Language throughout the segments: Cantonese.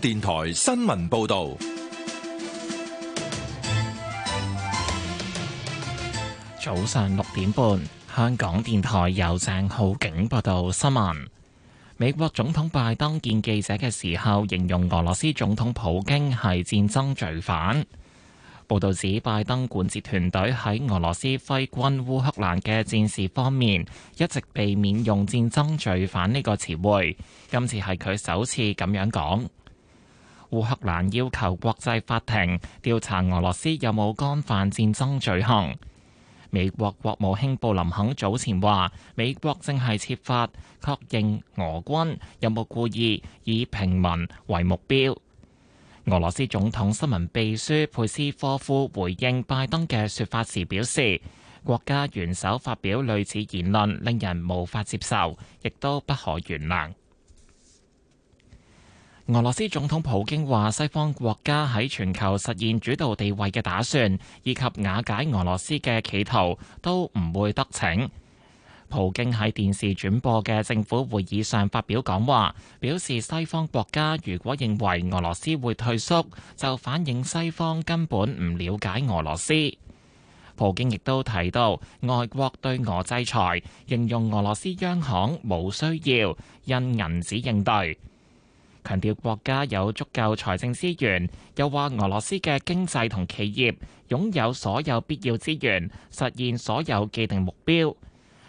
電台新聞報道，早上六點半，香港電台由鄭浩景報道新聞。美國總統拜登見記者嘅時候，形容俄羅斯總統普京係戰爭罪犯。報道指，拜登管治團隊喺俄羅斯揮軍烏克蘭嘅戰事方面，一直避免用戰爭罪犯呢個詞彙。今次係佢首次咁樣講。烏克蘭要求國際法庭調查俄羅斯有冇干犯戰爭罪行。美國國務卿布林肯早前話：美國正係設法確認俄軍有冇故意以平民為目標。俄羅斯總統新聞秘書佩斯科夫回應拜登嘅説法時表示：國家元首發表類似言論，令人無法接受，亦都不可原諒。俄羅斯總統普京話：西方國家喺全球實現主導地位嘅打算，以及瓦解俄羅斯嘅企圖，都唔會得逞。普京喺電視轉播嘅政府會議上發表講話，表示西方國家如果認為俄羅斯會退縮，就反映西方根本唔了解俄羅斯。普京亦都提到，外國對俄制裁，形容俄羅斯央行冇需要因銀紙應對。強調國家有足夠財政資源，又話俄羅斯嘅經濟同企業擁有所有必要資源，實現所有既定目標。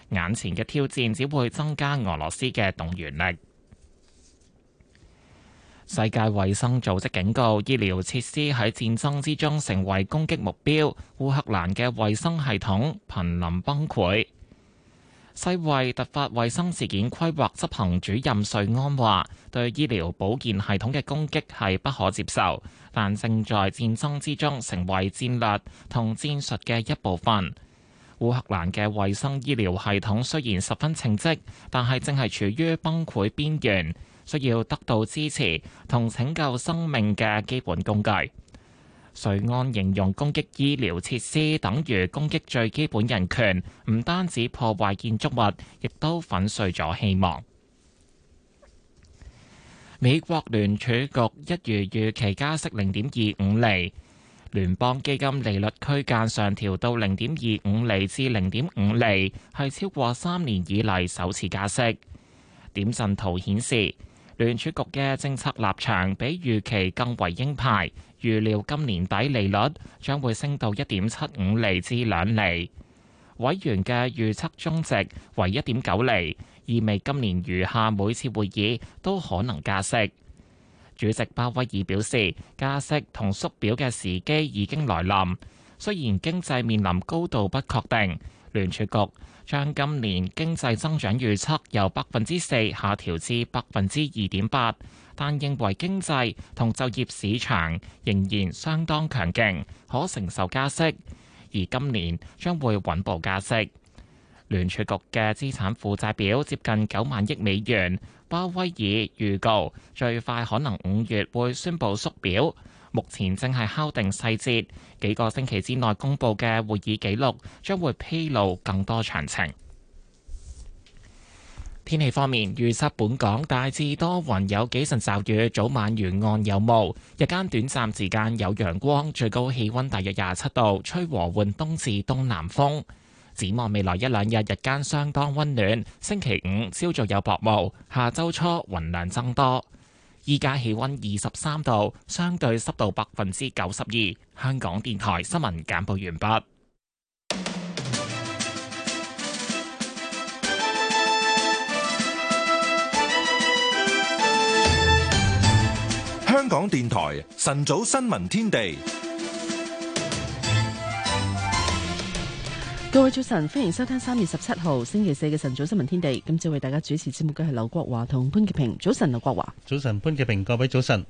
眼前嘅挑戰只會增加俄羅斯嘅動員力。世界衛生組織警告，醫療設施喺戰爭之中成為攻擊目標，烏克蘭嘅衛生系統瀕臨崩潰。世衛突發衛生事件規劃執行主任瑞安話：對醫療保健系統嘅攻擊係不可接受，但正在戰爭之中，成為戰略同戰術嘅一部分。烏克蘭嘅衛生醫療系統雖然十分稱職，但係正係處於崩潰邊緣，需要得到支持同拯救生命嘅基本工具。瑞安形容攻擊醫療設施等於攻擊最基本人權，唔單止破壞建築物，亦都粉碎咗希望。美國聯儲局一如預期加息零點二五釐，聯邦基金利率區間上調到零點二五釐至零點五釐，係超過三年以嚟首次加息。點陣圖顯示，聯儲局嘅政策立場比預期更為鷹派。預料今年底利率將會升到一點七五厘至兩厘。委員嘅預測中值為一點九厘，意味今年餘下每次會議都可能加息。主席鮑威爾表示，加息同縮表嘅時機已經來臨。雖然經濟面臨高度不確定，聯儲局將今年經濟增長預測由百分之四下調至百分之二點八。但認為經濟同就業市場仍然相當強勁，可承受加息，而今年將會穩步加息。聯儲局嘅資產負債表接近九萬億美元，鮑威爾預告最快可能五月會宣布縮表，目前正係敲定細節。幾個星期之內公佈嘅會議紀錄將會披露更多詳情。天氣方面，預測本港大致多雲，有幾陣驟雨，早晚沿岸有霧，日間短暫時間有陽光，最高氣温大約廿七度，吹和緩東至東南風。展望未來一兩日，日間相當温暖。星期五朝早有薄霧，下周初雲量增多。依家氣温二十三度，相對濕度百分之九十二。香港電台新聞簡報完畢。香港電台晨早新聞天地，各位早晨，歡迎收聽三月十七號星期四嘅晨早新聞天地。今朝為大家主持節目嘅係劉國華同潘潔平。早晨，劉國華。早晨，潘潔平。各位早晨。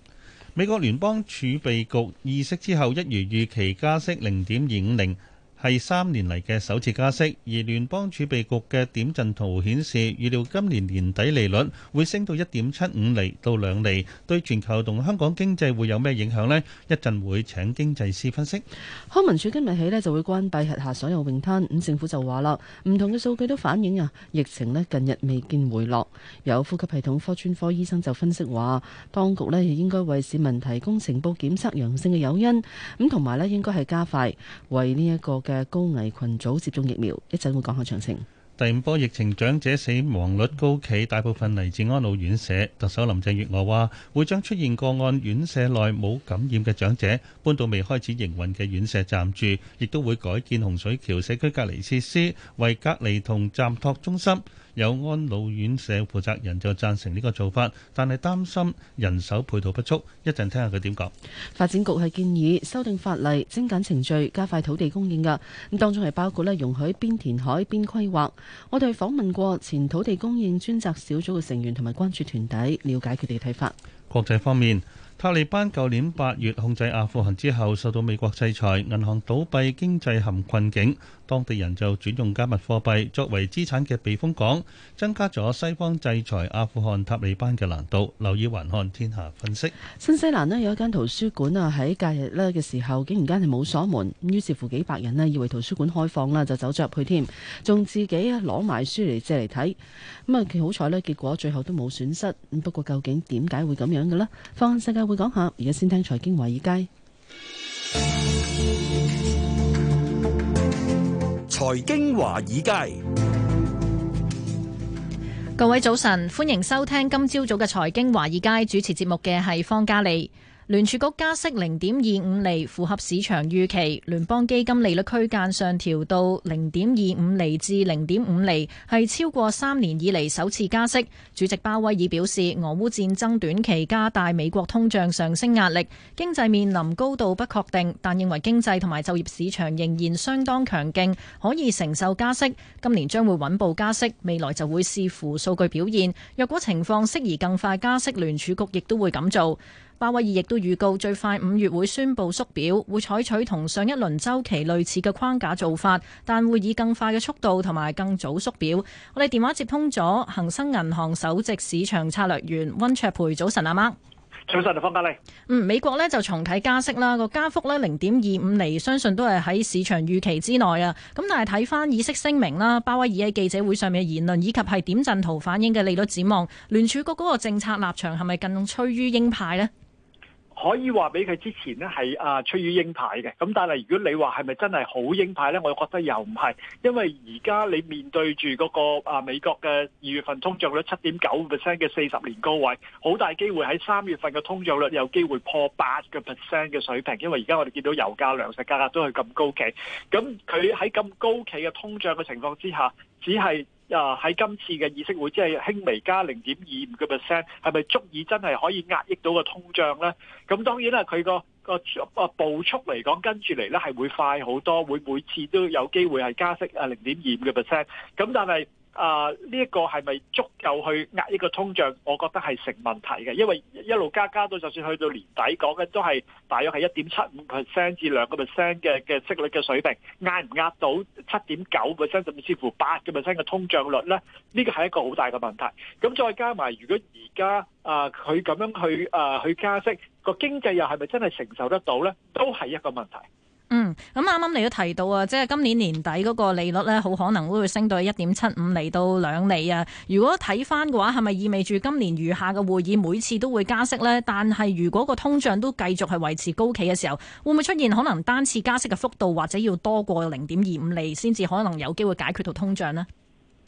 美國聯邦儲備局議息之後，一如預期加息零點二五零。係三年嚟嘅首次加息，而聯邦儲備局嘅點陣圖顯示，預料今年年底利率會升到一點七五釐到兩釐。對全球同香港經濟會有咩影響咧？一陣會請經濟師分析。康文署今日起咧就會關閉轄下所有泳灘。咁政府就話啦，唔同嘅數據都反映啊，疫情咧近日未見回落。有呼吸系統科專科醫生就分析話，當局咧應該為市民提供呈報檢測陽性嘅誘因，咁同埋咧應該係加快為呢一個嘅高危群組接種疫苗，一陣會講下詳情。第五波疫情，長者死亡率高企，大部分嚟自安老院舍。特首林鄭月娥話：會將出現個案院舍內冇感染嘅長者搬到未開始營運嘅院舍暫住，亦都會改建洪水橋社區隔離設施為隔離同暫托中心。有安老院舍負責人就贊成呢個做法，但係擔心人手配套不足。一陣聽下佢點講。發展局係建議修訂法例、精簡程序、加快土地供應嘅，咁，當中係包括咧容許邊填海邊規劃。我哋訪問過前土地供應專責小組嘅成員同埋關注團體，了解佢哋嘅睇法。國際方面。塔利班舊年八月控制阿富汗之後，受到美國制裁，銀行倒閉，經濟陷困境，當地人就轉用加密貨幣作為資產嘅避風港，增加咗西方制裁阿富汗塔利班嘅難度。留意環看天下分析。新西蘭咧有一間圖書館啊，喺假日咧嘅時候，竟然間係冇鎖門，於是乎幾百人咧以為圖書館開放啦，就走咗入去添，仲自己攞埋書嚟借嚟睇。咁啊，好彩咧，結果最後都冇損失。不過究竟點解會咁樣嘅呢？放眼世界。會講下，而家先聽財經華爾街。財經華爾街，各位早晨，歡迎收聽今朝早嘅財經華爾街，主持節目嘅係方嘉莉。聯儲局加息零點二五厘，符合市場預期。聯邦基金利率區間上調到零點二五厘至零點五厘，係超過三年以嚟首次加息。主席鮑威爾表示，俄烏戰爭短期加大美國通脹上升壓力，經濟面臨高度不確定，但認為經濟同埋就業市場仍然相當強勁，可以承受加息。今年將會穩步加息，未來就會視乎數據表現。若果情況適宜，更快加息，聯儲局亦都會咁做。鮑威爾亦都預告最快五月會宣布縮表，會採取同上一輪週期類似嘅框架做法，但會以更快嘅速度同埋更早縮表。我哋電話接通咗恒生銀行首席市場策略員溫卓培，早晨阿媽，媽媽早晨，方家利。嗯，美國呢就重啟加息啦，個加幅呢，零點二五厘，相信都係喺市場預期之內啊。咁但係睇翻議息聲明啦，鮑威爾喺記者會上面嘅言論以及係點陣圖反映嘅利率展望，聯儲局嗰個政策立場係咪更趨於鷹派呢？可以話俾佢之前咧，係啊出於鷹派嘅。咁但係如果你話係咪真係好鷹派呢，我覺得又唔係，因為而家你面對住嗰個啊美國嘅二月份通脹率七點九 percent 嘅四十年高位，好大機會喺三月份嘅通脹率有機會破八個 percent 嘅水平，因為而家我哋見到油價、糧食價格都係咁高企，咁佢喺咁高企嘅通脹嘅情況之下，只係。啊！喺今次嘅議息會，即係輕微加零點二五嘅 percent，係咪足以真係可以壓抑到個通脹咧？咁當然啦，佢個個啊步速嚟講，跟住嚟咧係會快好多，會每次都有機會係加息啊零點二五嘅 percent，咁但係。啊！呢一、uh, 個係咪足夠去壓呢個通脹？我覺得係成問題嘅，因為一路加加到，就算去到年底講嘅都係大約係一點七五 percent 至兩個 percent 嘅嘅息率嘅水平，壓唔壓到七點九 percent 甚至乎八個 percent 嘅通脹率咧？呢個係一個好大嘅問題。咁再加埋，如果而家啊佢咁樣去啊去、uh, 加息，個經濟又係咪真係承受得到咧？都係一個問題。嗯，咁啱啱你都提到啊，即係今年年底嗰個利率呢，好可能都會升到一點七五厘到兩厘啊。如果睇翻嘅話，係咪意味住今年餘下嘅會議每次都會加息呢？但係如果個通脹都繼續係維持高企嘅時候，會唔會出現可能單次加息嘅幅度或者要多過零點二五厘先至可能有機會解決到通脹呢？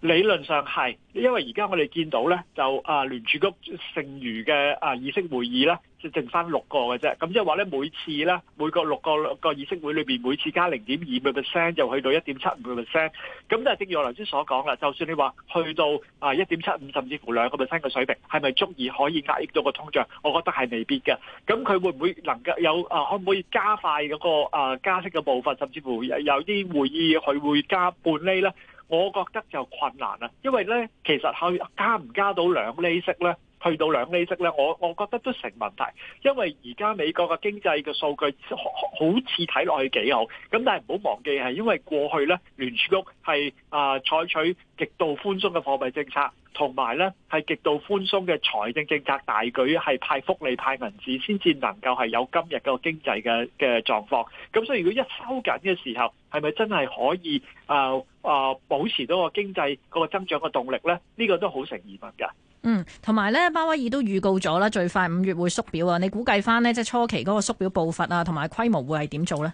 理論上係，因為而家我哋見到咧，就啊聯儲局剩餘嘅啊議息會議咧，就剩翻六個嘅啫。咁即係話咧，每次咧，每個六個個議息會裏邊，每次加零點二個 percent 就去到一點七五個 percent。咁但係正如我頭先所講啦，就算你話去到啊一點七五，甚至乎兩個 percent 嘅水平，係咪足以可以壓抑到個通脹？我覺得係未必嘅。咁佢會唔會能夠有啊？可唔可以加快嗰個啊加息嘅步伐？甚至乎有啲會議佢會加半厘咧？我覺得就困難啦，因為呢，其實佢加唔加到兩厘息呢？去到兩厘息咧，我我覺得都成問題，因為而家美國嘅經濟嘅數據好似睇落去幾好，咁但係唔好忘記係因為過去咧聯儲局係啊採取極度寬鬆嘅貨幣政策，同埋咧係極度寬鬆嘅財政政策大舉，係派福利派銀紙，先至能夠係有今日嘅經濟嘅嘅狀況。咁所以如果一收緊嘅時候，係咪真係可以啊啊、呃呃、保持到個經濟嗰個增長嘅動力咧？呢、呢個都好成疑問嘅。嗯，同埋咧，鮑威爾都預告咗啦，最快五月會縮表啊。你估計返呢，即係初期嗰個縮表步伐啊，同埋規模會係點做呢？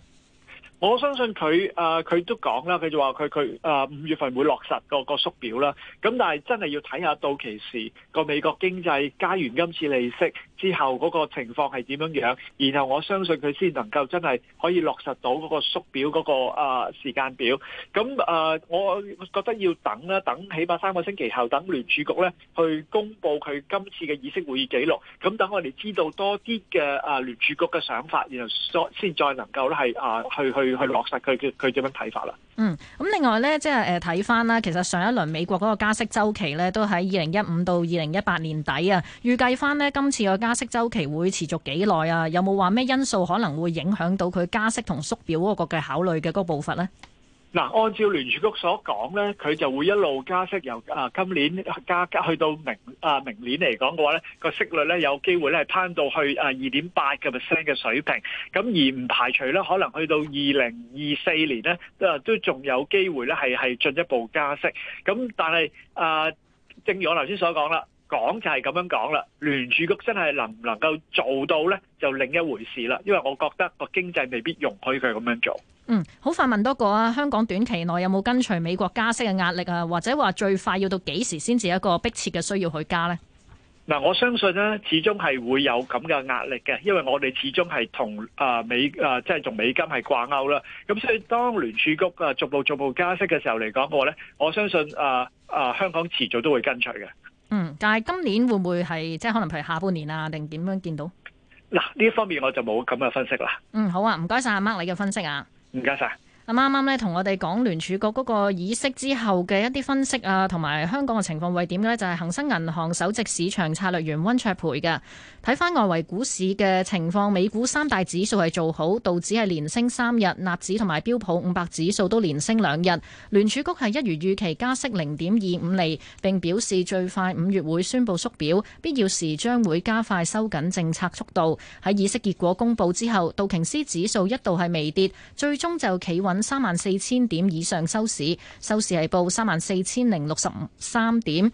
我相信佢啊，佢都講啦，佢就話佢佢啊五月份會落實個縮表啦。咁但係真係要睇下到期時個美國經濟加完今次利息之後嗰個情況係點樣樣，然後我相信佢先能夠真係可以落實到嗰個縮表嗰個啊時間表。咁啊，我覺得要等啦，等起碼三個星期後等聯儲局咧去公布佢今次嘅議息會議記錄，咁等我哋知道多啲嘅啊聯儲局嘅想法，然後再先再能夠咧係啊去去。去落實佢佢佢點樣睇法啦？嗯，咁另外咧，即係誒睇翻啦，其實上一輪美國嗰個加息周期咧，都喺二零一五到二零一八年底啊。預計翻呢，今次嘅加息周期會持續幾耐啊？有冇話咩因素可能會影響到佢加息同縮表嗰個嘅考慮嘅嗰步伐呢？嗱，按照聯儲局所講咧，佢就會一路加息，由啊今年加，加去到明啊明年嚟講嘅話咧，個息率咧有機會咧係攀到去啊二點八個 percent 嘅水平，咁而唔排除咧可能去到二零二四年咧，都都仲有機會咧係係進一步加息，咁但係啊，正如我頭先所講啦。講就係咁樣講啦，聯儲局真係能唔能夠做到呢？就另一回事啦。因為我覺得個經濟未必容許佢咁樣做。嗯，好快問多個啊，香港短期內有冇跟隨美國加息嘅壓力啊？或者話最快要到幾時先至一個迫切嘅需要去加呢？嗱、嗯，我相信呢、啊，始終係會有咁嘅壓力嘅，因為我哋始終係同啊美啊即係同美金係掛鈎啦。咁所以當聯儲局啊逐步逐步加息嘅時候嚟講嘅話咧，我相信啊啊香港遲早都會跟隨嘅。嗯，但係今年會唔會係即係可能譬如下半年啊，定點樣見到？嗱，呢方面我就冇咁嘅分析啦。嗯，好啊，唔該晒阿 Mark 你嘅分析啊。唔該晒。啱啱咧同我哋講聯儲局嗰個議息之後嘅一啲分析啊，同埋香港嘅情況係點嘅呢？就係恒生銀行首席市場策略員温卓培嘅。睇翻外圍股市嘅情況，美股三大指數係做好，道指係連升三日，納指同埋標普五百指數都連升兩日。聯儲局係一如預期加息零點二五厘，並表示最快五月會宣布縮表，必要時將會加快收緊政策速度。喺議息結果公佈之後，道瓊斯指數一度係微跌，最終就企穩，三萬四千點以上收市，收市係報三萬四千零六十三點，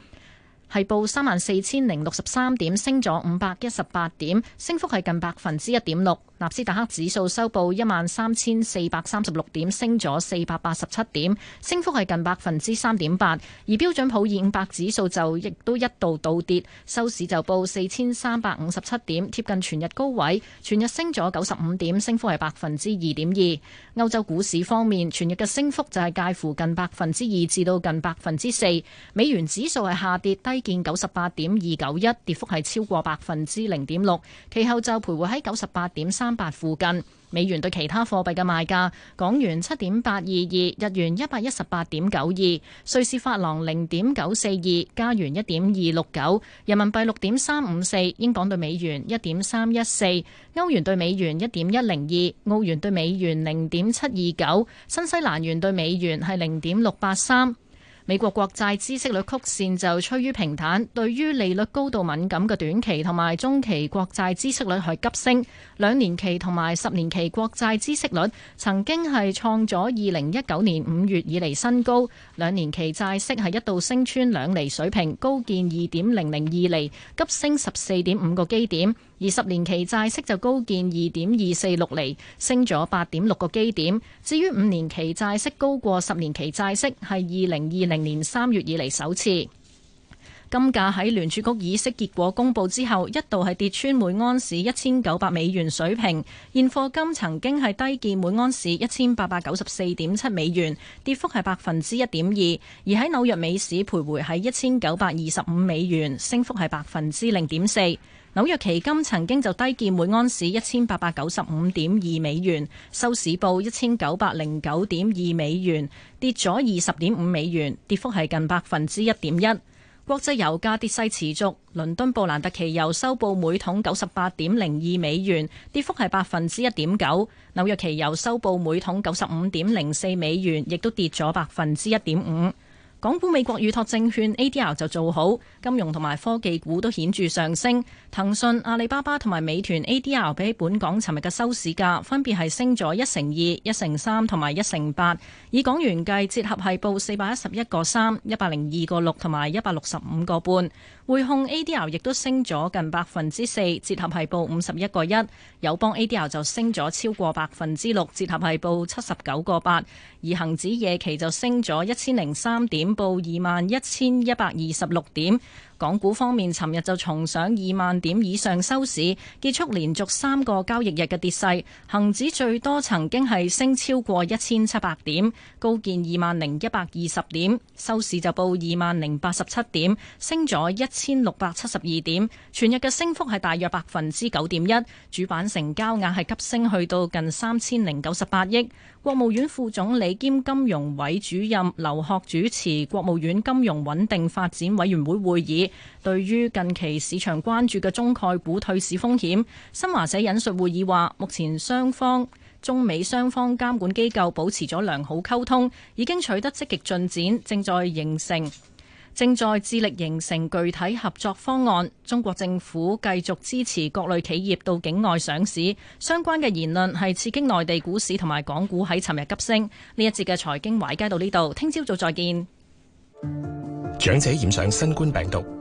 係報三萬四千零六十三點，升咗五百一十八點，升幅係近百分之一點六。納斯達克指數收報一萬三千四百三十六點，升咗四百八十七點，升幅係近百分之三點八。而標準普爾五百指數就亦都一度倒跌，收市就報四千三百五十七點，貼近全日高位，全日升咗九十五點，升幅係百分之二點二。歐洲股市方面，全日嘅升幅就係介乎近百分之二至到近百分之四。美元指數係下跌低見九十八點二九一，跌幅係超過百分之零點六。其後就徘徊喺九十八點三。八附近，美元對其他貨幣嘅賣價：港元七點八二二，日元一百一十八點九二，瑞士法郎零點九四二，加元一點二六九，人民幣六點三五四，英鎊兌美元一點三一四，歐元兌美元一點一零二，澳元兌美元零點七二九，新西蘭元兌美元係零點六八三。美國國債孳息率曲線就趨於平坦，對於利率高度敏感嘅短期同埋中期國債孳息率係急升。兩年期同埋十年期國債孳息率曾經係創咗二零一九年五月以嚟新高。兩年期債息係一度升穿兩厘水平，高見二點零零二厘，急升十四點五個基點。而十年期債息就高見二點二四六厘，升咗八點六個基點。至於五年期債息高過十年期債息係二零二。明年三月以嚟首次，金價喺聯儲局議息結果公布之後，一度係跌穿每安士一千九百美元水平，現貨金曾經係低見每安士一千八百九十四點七美元，跌幅係百分之一點二，而喺紐約美市徘徊喺一千九百二十五美元，升幅係百分之零點四。紐約期金曾經就低見每安士一千八百九十五點二美元，收市報一千九百零九點二美元，跌咗二十點五美元，跌幅係近百分之一點一。國際油價跌勢持續，倫敦布蘭特期油收報每桶九十八點零二美元，跌幅係百分之一點九。紐約期油收報每桶九十五點零四美元，亦都跌咗百分之一點五。港股美國預託證券 ADR 就做好，金融同埋科技股都顯著上升。騰訊、阿里巴巴同埋美團 ADR 比起本港尋日嘅收市價，分別係升咗一成二、一成三同埋一成八。以港元計，折合係報四百一十一個三、一百零二個六同埋一百六十五個半。匯控 ADR 亦都升咗近百分之四，折合係報五十一個一。友邦 ADR 就升咗超過百分之六，折合係報七十九個八。而恒指夜期就升咗一千零三點。報二萬一千一百二十六點。港股方面，尋日就重上二萬點以上收市，結束連續三個交易日嘅跌勢。恒指最多曾經係升超過一千七百點，高見二萬零一百二十點，收市就報二萬零八十七點，升咗一千六百七十二點，全日嘅升幅係大約百分之九點一。主板成交額係急升去到近三千零九十八億。國務院副總理兼金融委主任劉鶴主持國務院金融穩定發展委員會會議。對於近期市場關注嘅中概股退市風險，新華社引述會議話：目前雙方中美雙方監管機構保持咗良好溝通，已經取得積極進展，正在形成正在致力形成具體合作方案。中國政府繼續支持各類企業到境外上市，相關嘅言論係刺激內地股市同埋港股喺尋日急升。呢一節嘅財經華爾街到呢度，聽朝早再見。長者染上新冠病毒。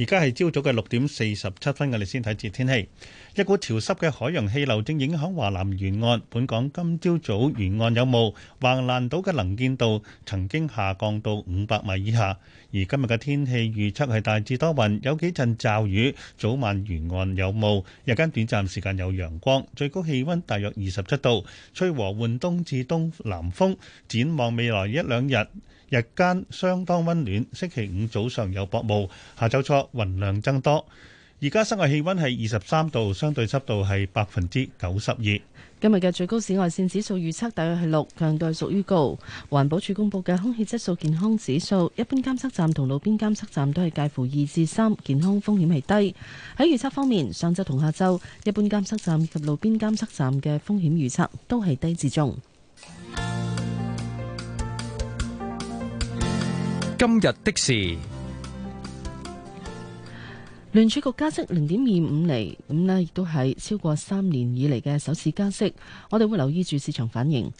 而家係朝早嘅六點四十七分，我哋先睇次天氣。一股潮濕嘅海洋氣流正影響華南沿岸，本港今朝早沿岸有霧，橫瀾島嘅能見度曾經下降到五百米以下。而今日嘅天氣預測係大致多雲，有幾陣驟雨，早晚沿岸有霧，日間短暫時間有陽光，最高氣温大約二十七度，吹和緩東至東南風。展望未來一兩日，日間相當溫暖，星期五早上有薄霧，下晝初雲量增多。而家室外氣温係二十三度，相對濕度係百分之九十二。今日嘅最高紫外線指數預測大約係六，強度屬於高。環保署公佈嘅空氣質素健康指數，一般監測站同路邊監測站都係介乎二至三，健康風險係低。喺預測方面，上晝同下晝，一般監測站及路邊監測站嘅風險預測都係低至中。今日的事，聯儲局加息零點二五厘，咁咧亦都係超過三年以嚟嘅首次加息。我哋會留意住市場反應。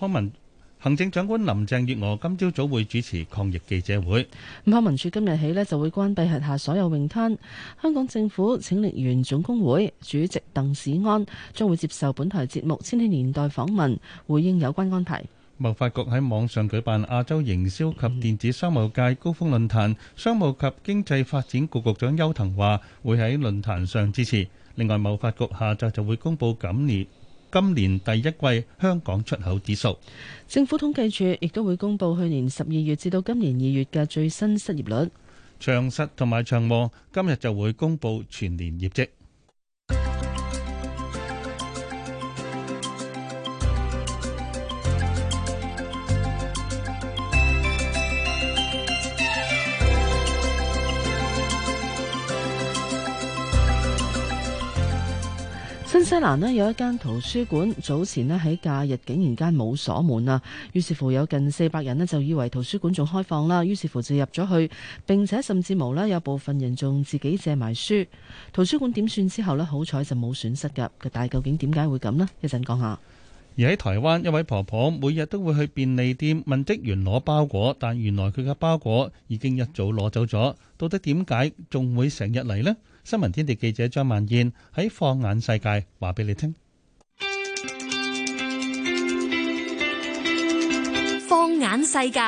康文行政長官林鄭月娥今朝早會主持抗疫記者會。咁康文署今日起咧就會關閉轄下所有泳灘。香港政府請聶員總工會主席鄧史安將會接受本台節目《千禧年代訪問》訪問，回應有關安排。貿發局喺網上舉辦亞洲營銷及電子商務界高峰論壇，商務及經濟發展局局長邱騰華會喺論壇上致辭。另外，貿發局下晝就會公布今年今年第一季香港出口指數。政府統計處亦都會公布去年十二月至到今年二月嘅最新失業率。長實同埋長和今日就會公布全年業績。西蘭呢有一間圖書館，早前呢喺假日竟然間冇鎖門啊，於是乎有近四百人呢就以為圖書館仲開放啦，啊，於是乎就入咗去，並且甚至無啦有部分人仲自己借埋書。圖書館點算之後呢？好彩就冇損失噶，但係究竟點解會咁呢？一陣講下。而喺台灣，一位婆婆每日都會去便利店問職員攞包裹，但原來佢嘅包裹已經一早攞走咗。到底點解仲會成日嚟呢？新聞天地記者張萬燕喺放眼世界話俾你聽。放眼世界，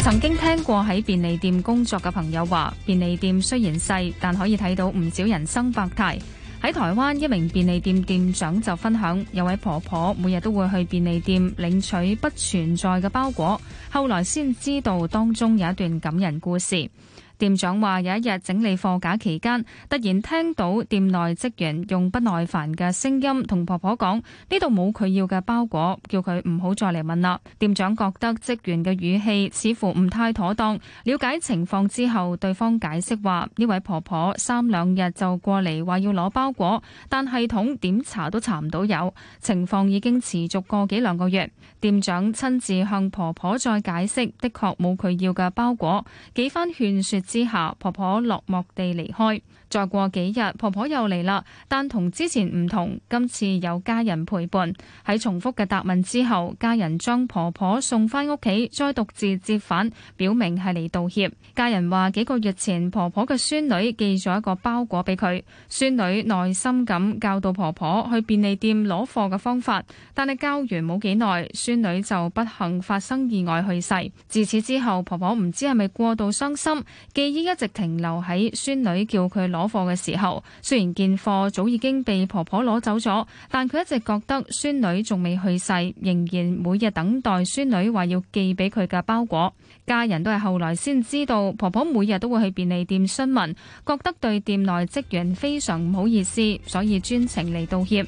曾經聽過喺便利店工作嘅朋友話，便利店雖然細，但可以睇到唔少人生百態。喺台灣，一名便利店店長就分享，有位婆婆每日都會去便利店領取不存在嘅包裹，後來先知道當中有一段感人故事。店長話：有一日整理貨架期間，突然聽到店內職員用不耐煩嘅聲音同婆婆講：呢度冇佢要嘅包裹，叫佢唔好再嚟問啦。店長覺得職員嘅語氣似乎唔太妥當。了解情況之後，對方解釋話：呢位婆婆三兩日就過嚟話要攞包裹，但系統點查都查唔到有。情況已經持續個幾兩個月。店長親自向婆婆再解釋，的確冇佢要嘅包裹。幾番勸説之下，婆婆落寞地離開。再過幾日，婆婆又嚟啦，但同之前唔同，今次有家人陪伴。喺重複嘅答問之後，家人將婆婆送返屋企，再獨自折返，表明係嚟道歉。家人話幾個月前，婆婆嘅孫女寄咗一個包裹俾佢，孫女耐心咁教導婆婆去便利店攞貨嘅方法，但係教完冇幾耐，孫女就不幸發生意外去世。自此之後，婆婆唔知係咪過度傷心，記憶一直停留喺孫女叫佢攞。攞貨嘅時候，雖然件貨早已經被婆婆攞走咗，但佢一直覺得孫女仲未去世，仍然每日等待孫女話要寄俾佢嘅包裹。家人都係後來先知道婆婆每日都會去便利店詢問，覺得對店內職員非常唔好意思，所以專程嚟道歉。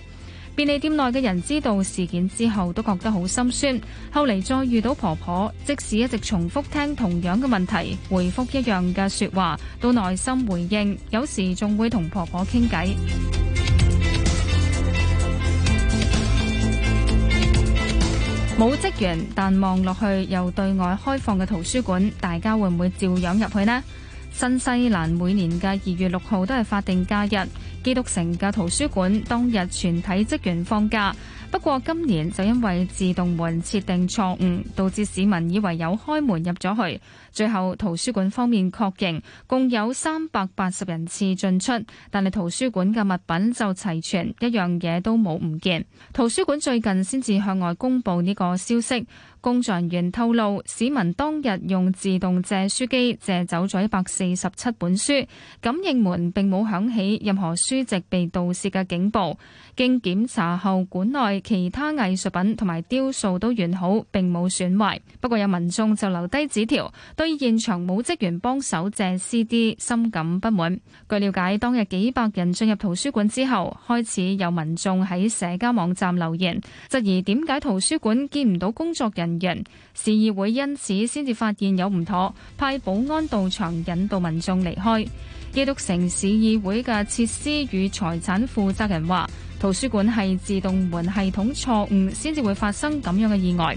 便利店內嘅人知道事件之後都覺得好心酸，後嚟再遇到婆婆，即使一直重複聽同樣嘅問題，回覆一樣嘅說話，都耐心回應，有時仲會同婆婆傾偈。冇職 員，但望落去又對外開放嘅圖書館，大家會唔會照樣入去呢？新西蘭每年嘅二月六號都係法定假日。基督城嘅圖書館當日全體職員放假，不過今年就因為自動門設定錯誤，導致市民以為有開門入咗去。最後圖書館方面確認共有三百八十人次進出，但係圖書館嘅物品就齊全，一樣嘢都冇唔見。圖書館最近先至向外公布呢個消息。工作人員透露，市民當日用自動借書機借走咗一百四十七本書，感應門並冇響起任何書籍被盜竊嘅警報。經檢查後，館內其他藝術品同埋雕塑都完好，並冇損壞。不過有民眾就留低紙條。對現場冇職員幫手借 cd，深感不滿。據了解，當日幾百人進入圖書館之後，開始有民眾喺社交網站留言質疑點解圖書館見唔到工作人員，市議會因此先至發現有唔妥，派保安到場引導民眾離開。基督城市議會嘅設施與財產負責人話，圖書館係自動門系統錯誤先至會發生咁樣嘅意外。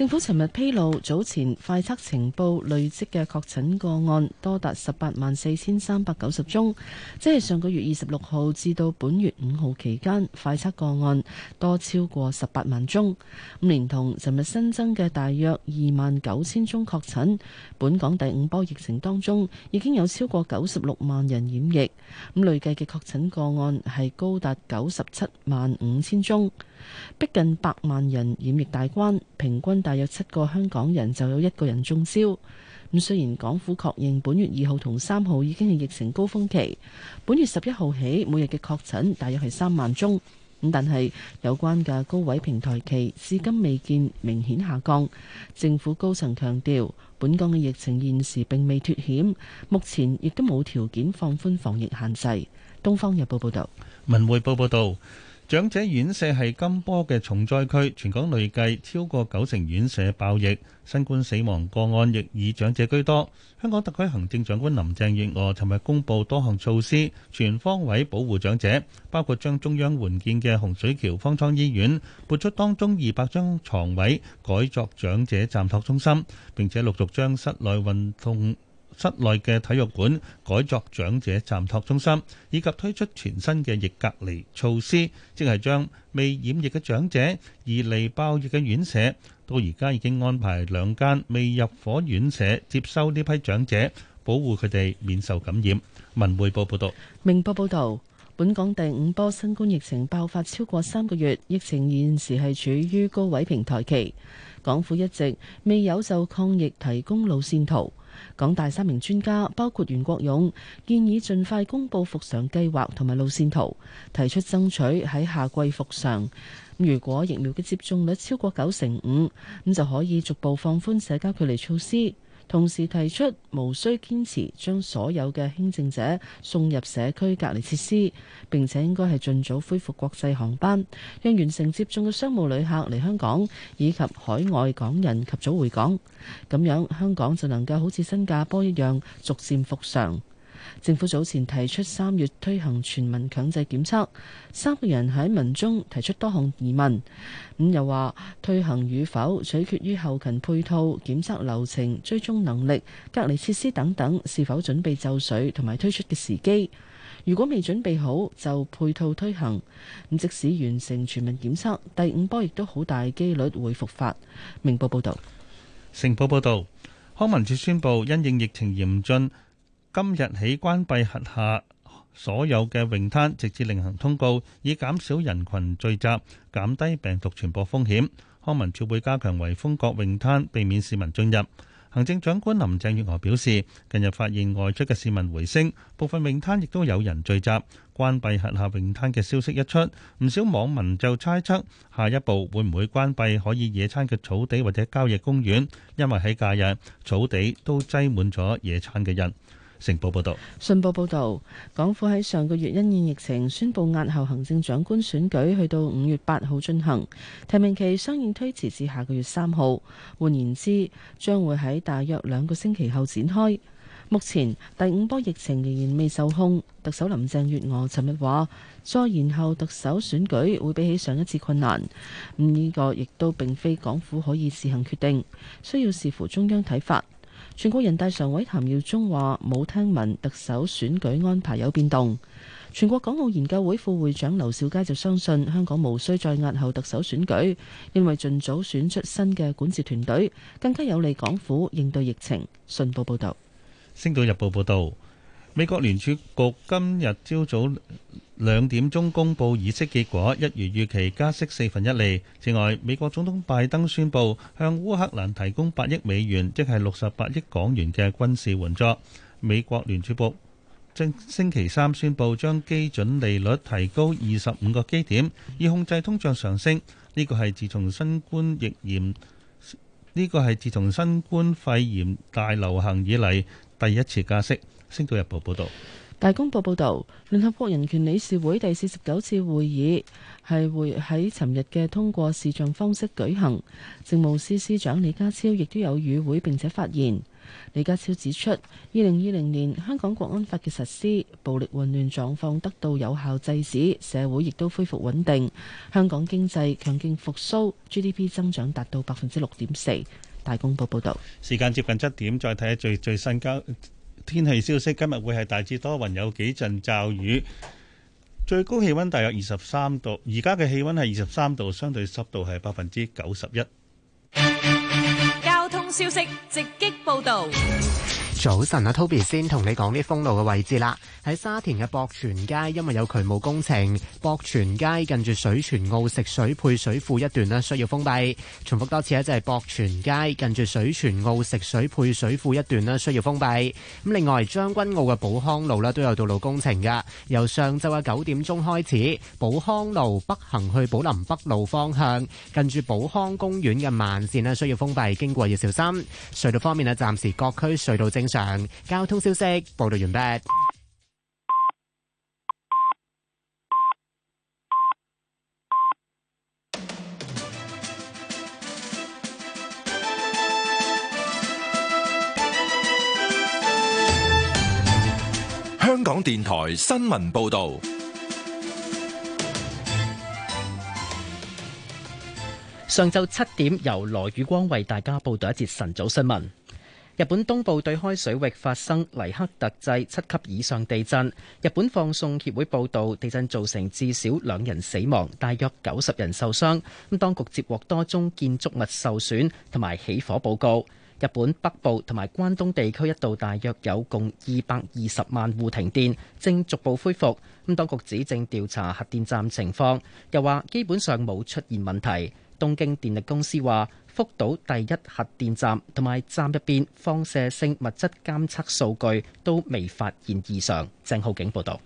政府尋日披露，早前快測情報累積嘅確診個案多達十八萬四千三百九十宗，即係上個月二十六號至到本月五號期間，快測個案多超過十八萬宗。咁連同尋日新增嘅大約二萬九千宗確診，本港第五波疫情當中已經有超過九十六萬人染疫，咁累計嘅確診個案係高達九十七萬五千宗。逼近百萬人染疫大關，平均大約七個香港人就有一個人中招。咁雖然港府確認本月二號同三號已經係疫情高峰期，本月十一號起每日嘅確診大約係三萬宗，咁但係有關嘅高位平台期至今未見明顯下降。政府高層強調，本港嘅疫情現時並未脱險，目前亦都冇條件放寬防疫限制。東方日報報道，文匯報報道。長者院舍係今波嘅重災區，全港累計超過九成院舍爆疫，新冠死亡個案亦以長者居多。香港特區行政長官林鄭月娥尋日公布多項措施，全方位保護長者，包括將中央援建嘅洪水橋方艙醫院撥出當中二百張床位改作長者暫托中心，並且陸續將室內運動。室內嘅體育館改作長者暫托中心，以及推出全新嘅疫隔離措施，即係將未染疫嘅長者而嚟爆疫嘅院舍，到而家已經安排兩間未入伙院舍接收呢批長者，保護佢哋免受感染。文匯報報道：「明報報道，本港第五波新冠疫情爆發超過三個月，疫情現時係處於高位平台期，港府一直未有就抗疫提供路線圖。港大三名專家包括袁國勇建議盡快公布復常計劃同埋路線圖，提出爭取喺夏季復常。如果疫苗嘅接種率超過九成五，咁就可以逐步放寬社交距離措施。同時提出，無需堅持將所有嘅輕症者送入社區隔離設施，並且應該係盡早恢復國際航班，讓完成接種嘅商務旅客嚟香港，以及海外港人及早回港，咁樣香港就能夠好似新加坡一樣，逐漸復常。政府早前提出三月推行全民強制檢測，三個人喺文中提出多項疑問，咁、嗯、又話推行與否取決於後勤配套、檢測流程、追蹤能力、隔離設施等等是否準備就緒同埋推出嘅時機，如果未準備好，就配套推行。咁、嗯、即使完成全民檢測第五波亦都好大機率會復發，明報報道，成報報道康文署宣布因應疫情嚴峻。今日起，關閉轄下所有嘅泳灘，直至另行通告，以減少人羣聚集，減低病毒傳播風險。康文署會加強圍封各泳灘，避免市民進入。行政長官林鄭月娥表示，近日發現外出嘅市民回升，部分泳灘亦都有人聚集。關閉轄下泳灘嘅消息一出，唔少網民就猜測下一步會唔會關閉可以野餐嘅草地或者郊野公園，因為喺假日草地都擠滿咗野餐嘅人。成報報道，信報報道：港府喺上個月因應疫情，宣布押後行政長官選舉去到五月八號進行，提名期相應推遲至下個月三號。換言之，將會喺大約兩個星期後展開。目前第五波疫情仍然未受控，特首林鄭月娥尋日話：再延後特首選舉會比起上一次困難。呢個亦都並非港府可以自行決定，需要視乎中央睇法。全國人大常委譚耀宗話：冇聽聞特首選舉安排有變動。全國港澳研究會副會長劉兆佳就相信香港無需再押後特首選舉，認為盡早選出新嘅管治團隊更加有利港府應對疫情。信報報導，《星島日報》報道。美國聯儲局今日朝早兩點鐘公布議息結果，一如預期加息四分一厘。此外，美國總統拜登宣布向烏克蘭提供八億美元，即係六十八億港元嘅軍事援助。美國聯儲局正星期三宣布將基準利率提高二十五個基點，以控制通脹上升。呢個係自從新冠疫炎，呢個係自從新冠肺炎大流行以嚟第一次加息。《星島日報》報道，大公報報道，聯合國人權理事會第四十九次會議係會喺尋日嘅通過視像方式舉行。政務司司長李家超亦都有與會並且發言。李家超指出，二零二零年香港國安法嘅實施，暴力混亂狀況得到有效制止，社會亦都恢復穩定。香港經濟強勁復蘇，GDP 增長達到百分之六點四。大公報報道，時間接近七點，再睇下，最最新交。天氣消息，今日會係大致多雲，有幾陣驟雨，最高氣溫大約二十三度，而家嘅氣溫係二十三度，相對濕度係百分之九十一。交通消息，直擊報道。早晨啊，Toby 先同你講啲封路嘅位置啦。喺沙田嘅博泉街，因為有渠務工程，博泉街近住水泉澳食水配水庫一段咧需要封閉。重複多次咧，就係博泉街近住水泉澳食水配水庫一段咧需要封閉。咁另外將軍澳嘅寶康路咧都有道路工程噶，由上晝嘅九點鐘開始，寶康路北行去寶林北路方向，近住寶康公園嘅慢綫咧需要封閉，經過要小心。隧道方面咧，暫時各區隧道正。上交通消息報道完畢。香港電台新聞報道。上晝七點，由羅宇光為大家報道一節晨早新聞。日本東部對開水域發生黎克特制七級以上地震。日本放送協會報導，地震造成至少兩人死亡，大約九十人受傷。咁當局接獲多宗建築物受損同埋起火報告。日本北部同埋關東地區一度大約有共二百二十萬戶停電，正逐步恢復。咁當局指正調查核電站情況，又話基本上冇出現問題。東京電力公司話。福島第一核電站同埋站入邊放射性物質監測數據都未發現異常。鄭浩景報道。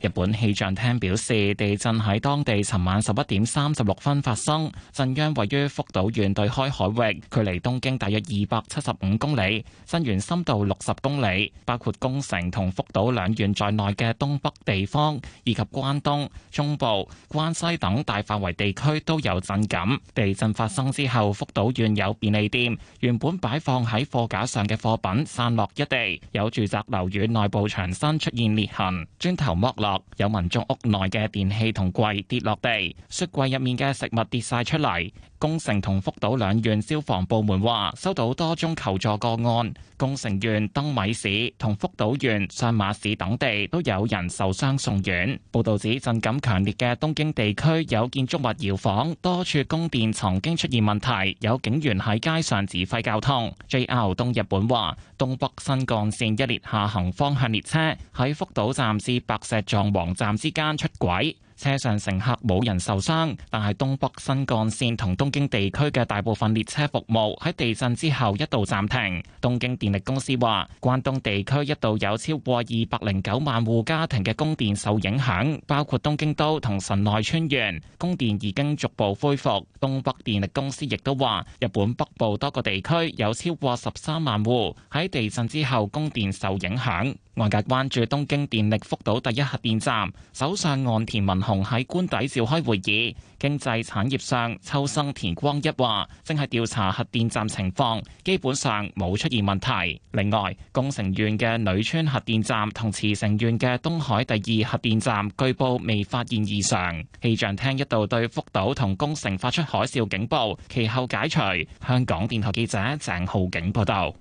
日本氣象廳表示，地震喺當地尋晚11點36分發生，震央位於福島縣對開海域，距離東京大約275公里，震源深度60公里。包括宮城同福島兩縣在內嘅東北地方，以及關東、中部、關西等大範圍地區都有震感。地震發生之後，福島縣有便利店原本擺放喺貨架上嘅貨品散落一地，有住宅樓宇內部牆身出現裂痕，磚頭剝落。有民眾屋內嘅電器同櫃跌落地，雪櫃入面嘅食物跌晒出嚟。宮城同福島兩縣消防部門話，收到多宗求助個案，宮城縣登米市同福島縣上馬市等地都有人受傷送院。報道指，震感強烈嘅東京地區有建築物搖晃，多處供電曾經出現問題，有警員喺街上指揮交通。JR 東日本話，東北新幹線一列下行方向列車喺福島站至白石藏王站之間出軌。車上乘客冇人受傷，但係東北新幹線同東京地區嘅大部分列車服務喺地震之後一度暫停。東京電力公司話，關東地區一度有超過二百零九萬戶家庭嘅供電受影響，包括東京都同神奈川縣，供電已經逐步恢復。東北電力公司亦都話，日本北部多個地區有超過十三萬戶喺地震之後供電受影響。外界關注東京電力福島第一核電站，首相岸田文雄喺官邸召開會議。經濟產業相，秋生田光一話，正係調查核電站情況，基本上冇出現問題。另外，宮城縣嘅女川核電站同茨城縣嘅東海第二核電站據報未發現異常。氣象廳一度對福島同宮城發出海嘯警報，其後解除。香港電台記者鄭浩景報道。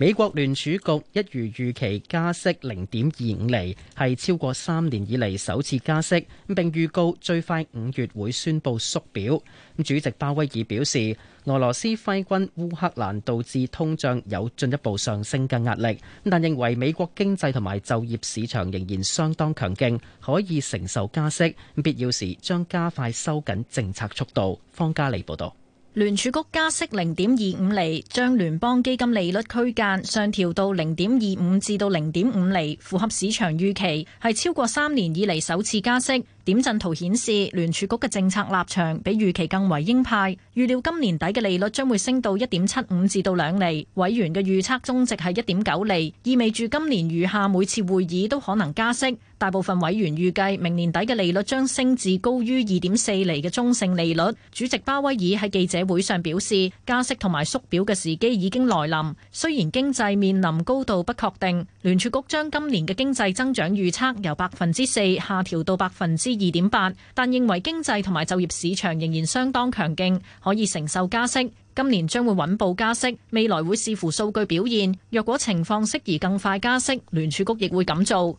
美國聯儲局一如預期加息零點二五厘，係超過三年以嚟首次加息，並預告最快五月會宣布縮表。主席鮑威爾表示，俄羅斯揮軍烏克蘭導致通脹有進一步上升嘅壓力，但認為美國經濟同埋就業市場仍然相當強勁，可以承受加息，必要時將加快收緊政策速度。方嘉利報道。聯儲局加息零點二五厘，將聯邦基金利率區間上調到零點二五至到零點五厘，符合市場預期，係超過三年以嚟首次加息。點陣圖顯示聯儲局嘅政策立場比預期更為鷹派，預料今年底嘅利率將會升到一點七五至到兩厘。委員嘅預測中值係一點九厘，意味住今年餘下每次會議都可能加息。大部分委員預計明年底嘅利率將升至高於二點四厘嘅中性利率。主席鮑威爾喺記者會上表示，加息同埋縮表嘅時機已經來臨。雖然經濟面臨高度不確定，聯儲局將今年嘅經濟增長預測由百分之四下調到百分之。二點八，8，但認為經濟同埋就業市場仍然相當強勁，可以承受加息。今年將會穩步加息，未來會視乎數據表現。若果情況適宜，更快加息，聯儲局亦會咁做。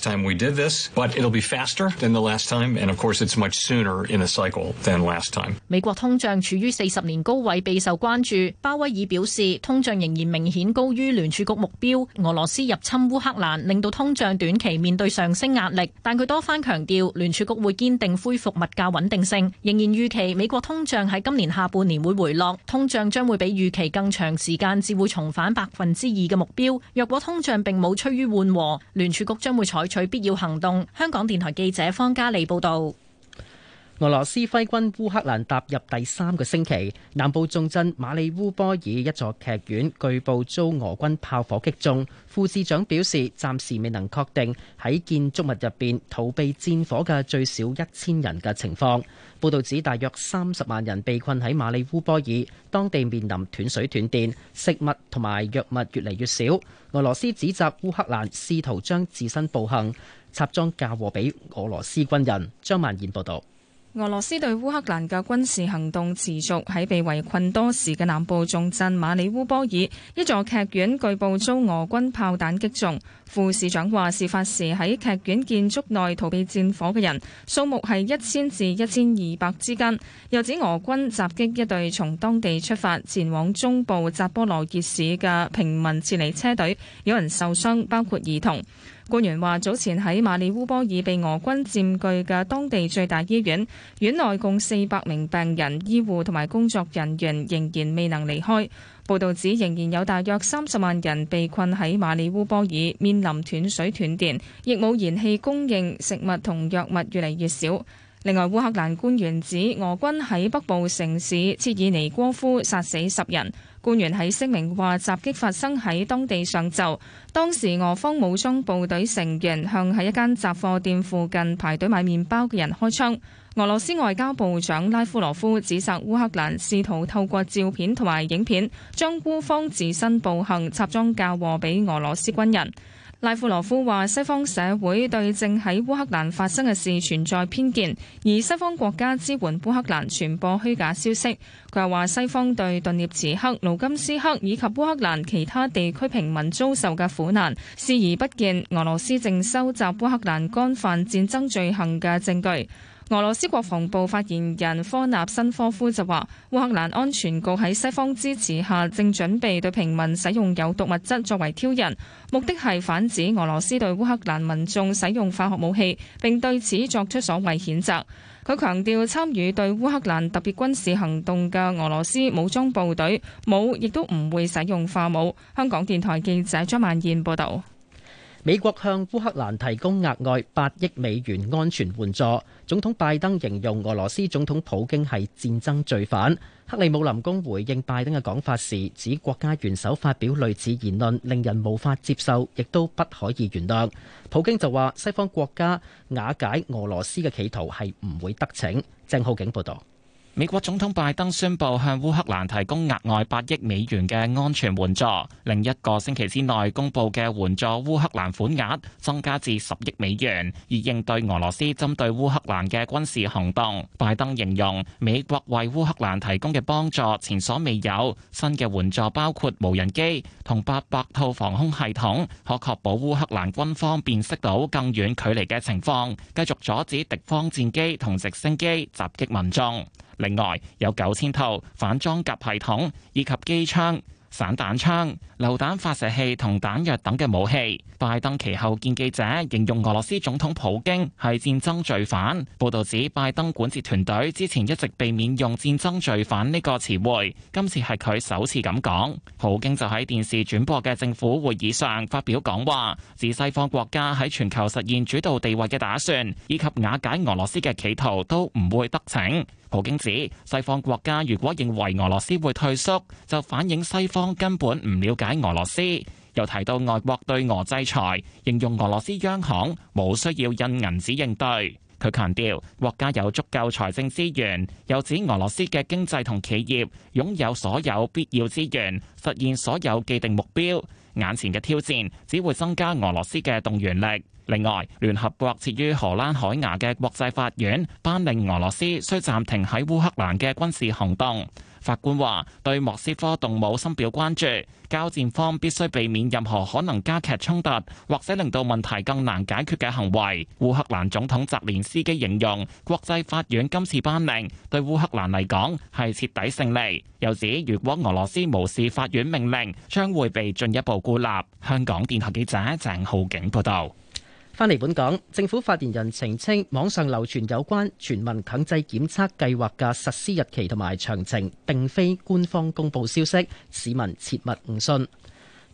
Time we did this, but it'll be faster than the last time, and of course, it's much sooner in a cycle than last time. 美國通脹處於四十年高位，備受關注。鮑威爾表示，通脹仍然明顯高於聯儲局目標。俄羅斯入侵烏克蘭令到通脹短期面對上升壓力，但佢多番強調，聯儲局會堅定恢復物價穩定性。仍然預期美國通脹喺今年下半年會回落，通脹將會比預期更長時間至會重返百分之二嘅目標。若果通脹並冇趨於緩和，聯儲局將會採取採取必要行動。香港電台記者方嘉莉報道。俄羅斯揮軍烏克蘭踏入第三個星期，南部重鎮馬里烏波爾一座劇院據報遭俄軍炮火擊中。副市長表示，暫時未能確定喺建築物入邊逃避戰火嘅最少一千人嘅情況。報道指，大約三十萬人被困喺馬里烏波爾，當地面臨斷水斷電、食物同埋藥物越嚟越少。俄羅斯指責烏克蘭試圖將自身暴行插裝嫁禍俾俄羅斯軍人。張曼燕報導。俄羅斯對烏克蘭嘅軍事行動持續，喺被圍困多時嘅南部重鎮馬里烏波爾，一座劇院據報遭俄軍炮彈擊中。副市長話，事發時喺劇院建築內逃避戰火嘅人數目係一千至一千二百之間。又指俄軍襲擊一隊從當地出發前往中部扎波羅傑市嘅平民撤離車隊，有人受傷，包括兒童。官員話，早前喺馬里烏波爾被俄軍佔據嘅當地最大醫院，院內共四百名病人、醫護同埋工作人員仍然未能離開。報導指，仍然有大約三十萬人被困喺馬里烏波爾，面臨斷水斷電，亦冇燃氣供應，食物同藥物越嚟越少。另外，烏克蘭官員指俄軍喺北部城市切爾尼戈夫殺死十人。官員喺聲明話襲擊發生喺當地上晝，當時俄方武裝部隊成員向喺一間雜貨店附近排隊買麵包嘅人開槍，俄羅斯外交部長拉夫羅夫指責烏克蘭試圖透過照片同埋影片，將烏方自身暴行插贓嫁禍俾俄羅斯軍人。拉夫羅夫話：西方社會對正喺烏克蘭發生嘅事存在偏見，而西方國家支援烏克蘭傳播虛假消息。佢又話：西方對頓涅茨克、盧金斯克以及烏克蘭其他地區平民遭受嘅苦難視而不見，俄羅斯正收集烏克蘭干犯戰爭罪行嘅證據。俄羅斯國防部發言人科納申科夫就話：烏克蘭安全局喺西方支持下，正準備對平民使用有毒物質作為挑釁，目的係反指俄羅斯對烏克蘭民眾使用化學武器，並對此作出所謂譴責。佢強調，參與對烏克蘭特別軍事行動嘅俄羅斯武裝部隊，冇亦都唔會使用化武。香港電台記者張曼燕報道。美國向烏克蘭提供額外八億美元安全援助。總統拜登形容俄羅斯總統普京係戰爭罪犯。克里姆林宮回應拜登嘅講法時，指國家元首發表類似言論令人無法接受，亦都不可以原諒。普京就話，西方國家瓦解俄羅斯嘅企圖係唔會得逞。鄭浩景報道。美國總統拜登宣布向烏克蘭提供額外八億美元嘅安全援助，另一個星期之內公布嘅援助烏克蘭款額增加至十億美元，以應對俄羅斯針對烏克蘭嘅軍事行動。拜登形容美國為烏克蘭提供嘅幫助前所未有，新嘅援助包括無人機同八百套防空系統，可確保烏克蘭軍方辨識到更遠距離嘅情況，繼續阻止敵方戰機同直升機襲擊民眾。另外有九千套反裝甲系統，以及機槍、散彈槍、榴彈發射器同彈藥等嘅武器。拜登其後見記者形容俄羅斯總統普京係戰爭罪犯。報道指拜登管治團隊之前一直避免用戰爭罪犯呢個詞彙，今次係佢首次咁講。普京就喺電視轉播嘅政府會議上發表講話，指西方國家喺全球實現主導地位嘅打算，以及瓦解俄羅斯嘅企圖都唔會得逞。普京指，西方國家如果認為俄羅斯會退縮，就反映西方根本唔瞭解俄羅斯。又提到外國對俄制裁，形容俄羅斯央行冇需要印銀紙應對。佢強調，國家有足夠財政資源，又指俄羅斯嘅經濟同企業擁有所有必要資源，實現所有既定目標。眼前嘅挑戰只會增加俄羅斯嘅動員力。另外，聯合國設於荷蘭海牙嘅國際法院，頒令俄羅斯需暫停喺烏克蘭嘅軍事行動。法官話：對莫斯科動武深表關注，交戰方必須避免任何可能加劇衝突或者令到問題更難解決嘅行為。烏克蘭總統澤連斯基形容，國際法院今次頒令對烏克蘭嚟講係徹底勝利。又指，如果俄羅斯無視法院命令，將會被進一步孤立。香港電台記者鄭浩景報道。翻嚟本港，政府發言人澄清，網上流傳有關全民強制檢測計劃嘅實施日期同埋詳情，並非官方公布消息，市民切勿誤信。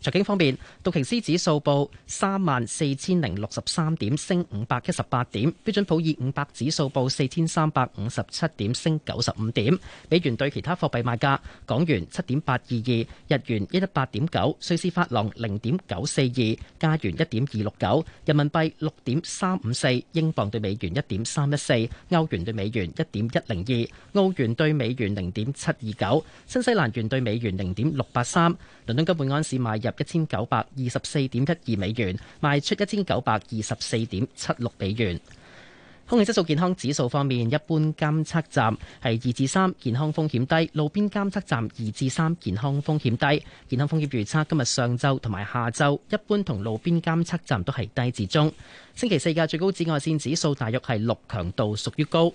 財經方面，道瓊斯指數報三萬四千零六十三點，升五百一十八點；標準普爾五百指數報四千三百五十七點，升九十五點。美元對其他貨幣賣價：港元七點八二二，日元一一八點九，瑞士法郎零點九四二，加元一點二六九，人民幣六點三五四，英鎊對美元一點三一四，歐元對美元一點一零二，澳元對美元零點七二九，新西蘭元對美元零點六八三。倫敦金本安市賣入。一千九百二十四點一二美元賣出一千九百二十四點七六美元。空氣質素健康指數方面，一般監測站係二至三，健康風險低；路邊監測站二至三，健康風險低。健康風險預測今日上晝同埋下晝，一般同路邊監測站都係低至中。星期四嘅最高紫外線指數大約係六，強度屬於高。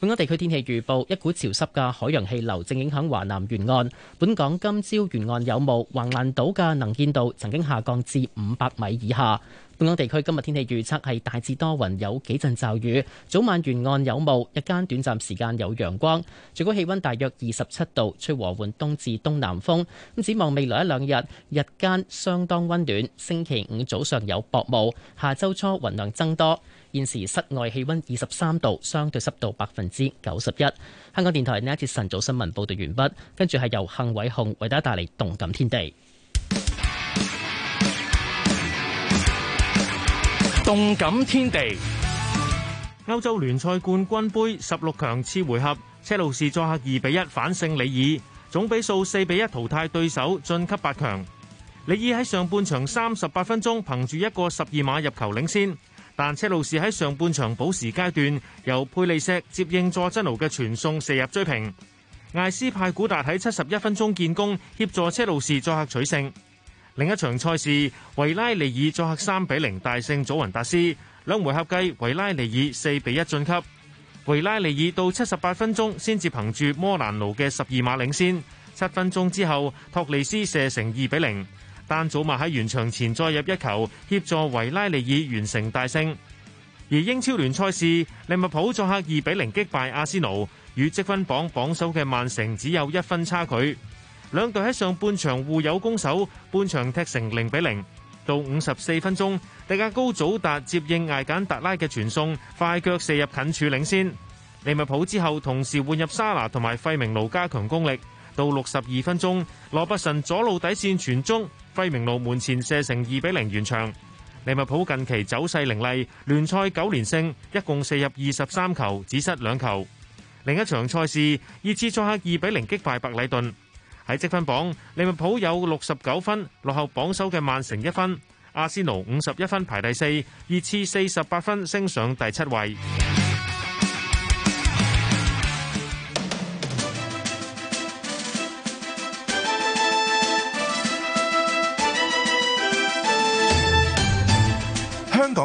本港地區天氣預報，一股潮濕嘅海洋氣流正影響華南沿岸。本港今朝沿岸有霧，橫瀾島嘅能見度曾經下降至五百米以下。本港地區今日天氣預測係大致多雲，有幾陣驟雨。早晚沿岸有霧，日間短暫時間有陽光。最高氣温大約二十七度，吹和緩東至東南風。咁展望未來一兩日，日間相當温暖。星期五早上有薄霧，下周初雲量增多。現時室外氣温二十三度，相對濕度百分之九十一。香港電台呢一節晨早新聞報道完畢，跟住係由幸偉控為大家帶嚟動感天地。動感天地。歐洲聯賽冠軍盃十六強次回合，車路士作客二比一反勝里爾，總比數四比一淘汰對手，晉級八強。里爾喺上半場三十八分鐘憑住一個十二碼入球領先。但車路士喺上半場補時階段，由佩利石接應佐真奴嘅傳送射入追平。艾斯派古達喺七十一分鐘建功，協助車路士作客取勝。另一場賽事，維拉利爾作客三比零大勝祖雲達斯，兩回合計維拉利爾四比一晉級。維拉利爾到七十八分鐘先至憑住摩蘭奴嘅十二碼領先，七分鐘之後托利斯射成二比零。丹祖馬喺完場前再入一球，協助維拉利爾完成大勝。而英超聯賽事，利物浦作客二比零擊敗阿仙奴，與積分榜榜，榜首嘅曼城只有一分差距。兩隊喺上半場互有攻守，半場踢成零比零。到五十四分鐘，迪亞高祖達接應艾簡達拉嘅傳送，快腳射入近柱領先。利物浦之後同時換入沙拿同埋費明奴加強攻力。到六十二分鐘，羅伯臣左路底線傳中，輝明路門前射成二比零完場。利物浦近期走勢凌厲，聯賽九連勝，一共射入二十三球，只失兩球。另一場賽事，熱刺作客二比零擊敗白禮頓。喺積分榜，利物浦有六十九分，落後榜首嘅曼城一分。阿仙奴五十一分排第四，熱刺四十八分升上第七位。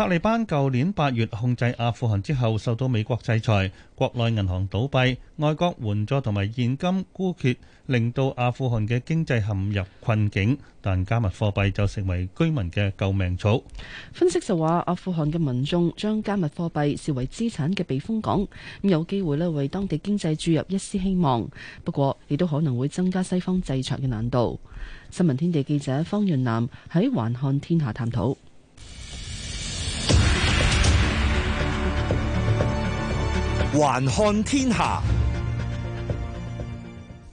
塔利班舊年八月控制阿富汗之後，受到美國制裁，國內銀行倒閉，外國援助同埋現金枯竭，令到阿富汗嘅經濟陷入困境。但加密貨幣就成為居民嘅救命草。分析就話，阿富汗嘅民眾將加密貨幣視為資產嘅避風港，咁有機會咧為當地經濟注入一絲希望。不過，亦都可能會增加西方制裁嘅難度。新聞天地記者方潤南喺環看天下探討。還看天下，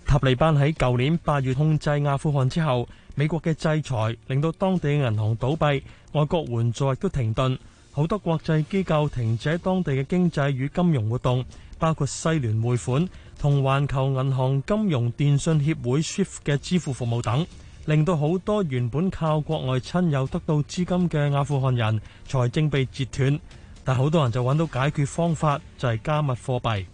塔利班喺舊年八月控制阿富汗之後，美國嘅制裁令到當地銀行倒閉，外國援助亦都停頓，好多國際機構停止喺當地嘅經濟與金融活動，包括西聯匯款同環球銀行金融電信協會 SWIFT 嘅支付服務等，令到好多原本靠國外親友得到資金嘅阿富汗人財政被截斷。但好多人就揾到解決方法，就係、是、加密貨幣。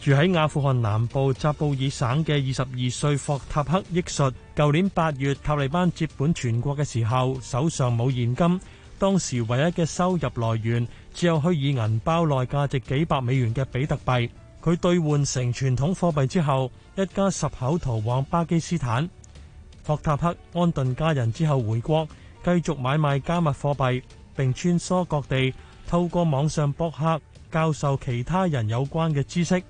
住喺阿富汗南部扎布爾省嘅二十二歲霍塔克憶述，舊年八月塔利班接管全國嘅時候，手上冇現金，當時唯一嘅收入來源只有虛擬銀包內價值幾百美元嘅比特幣。佢兌換成傳統貨幣之後，一家十口逃往巴基斯坦。霍塔克安頓家人之後回國。繼續買賣加密貨幣，並穿梭各地，透過網上博客教授其他人有關嘅知識。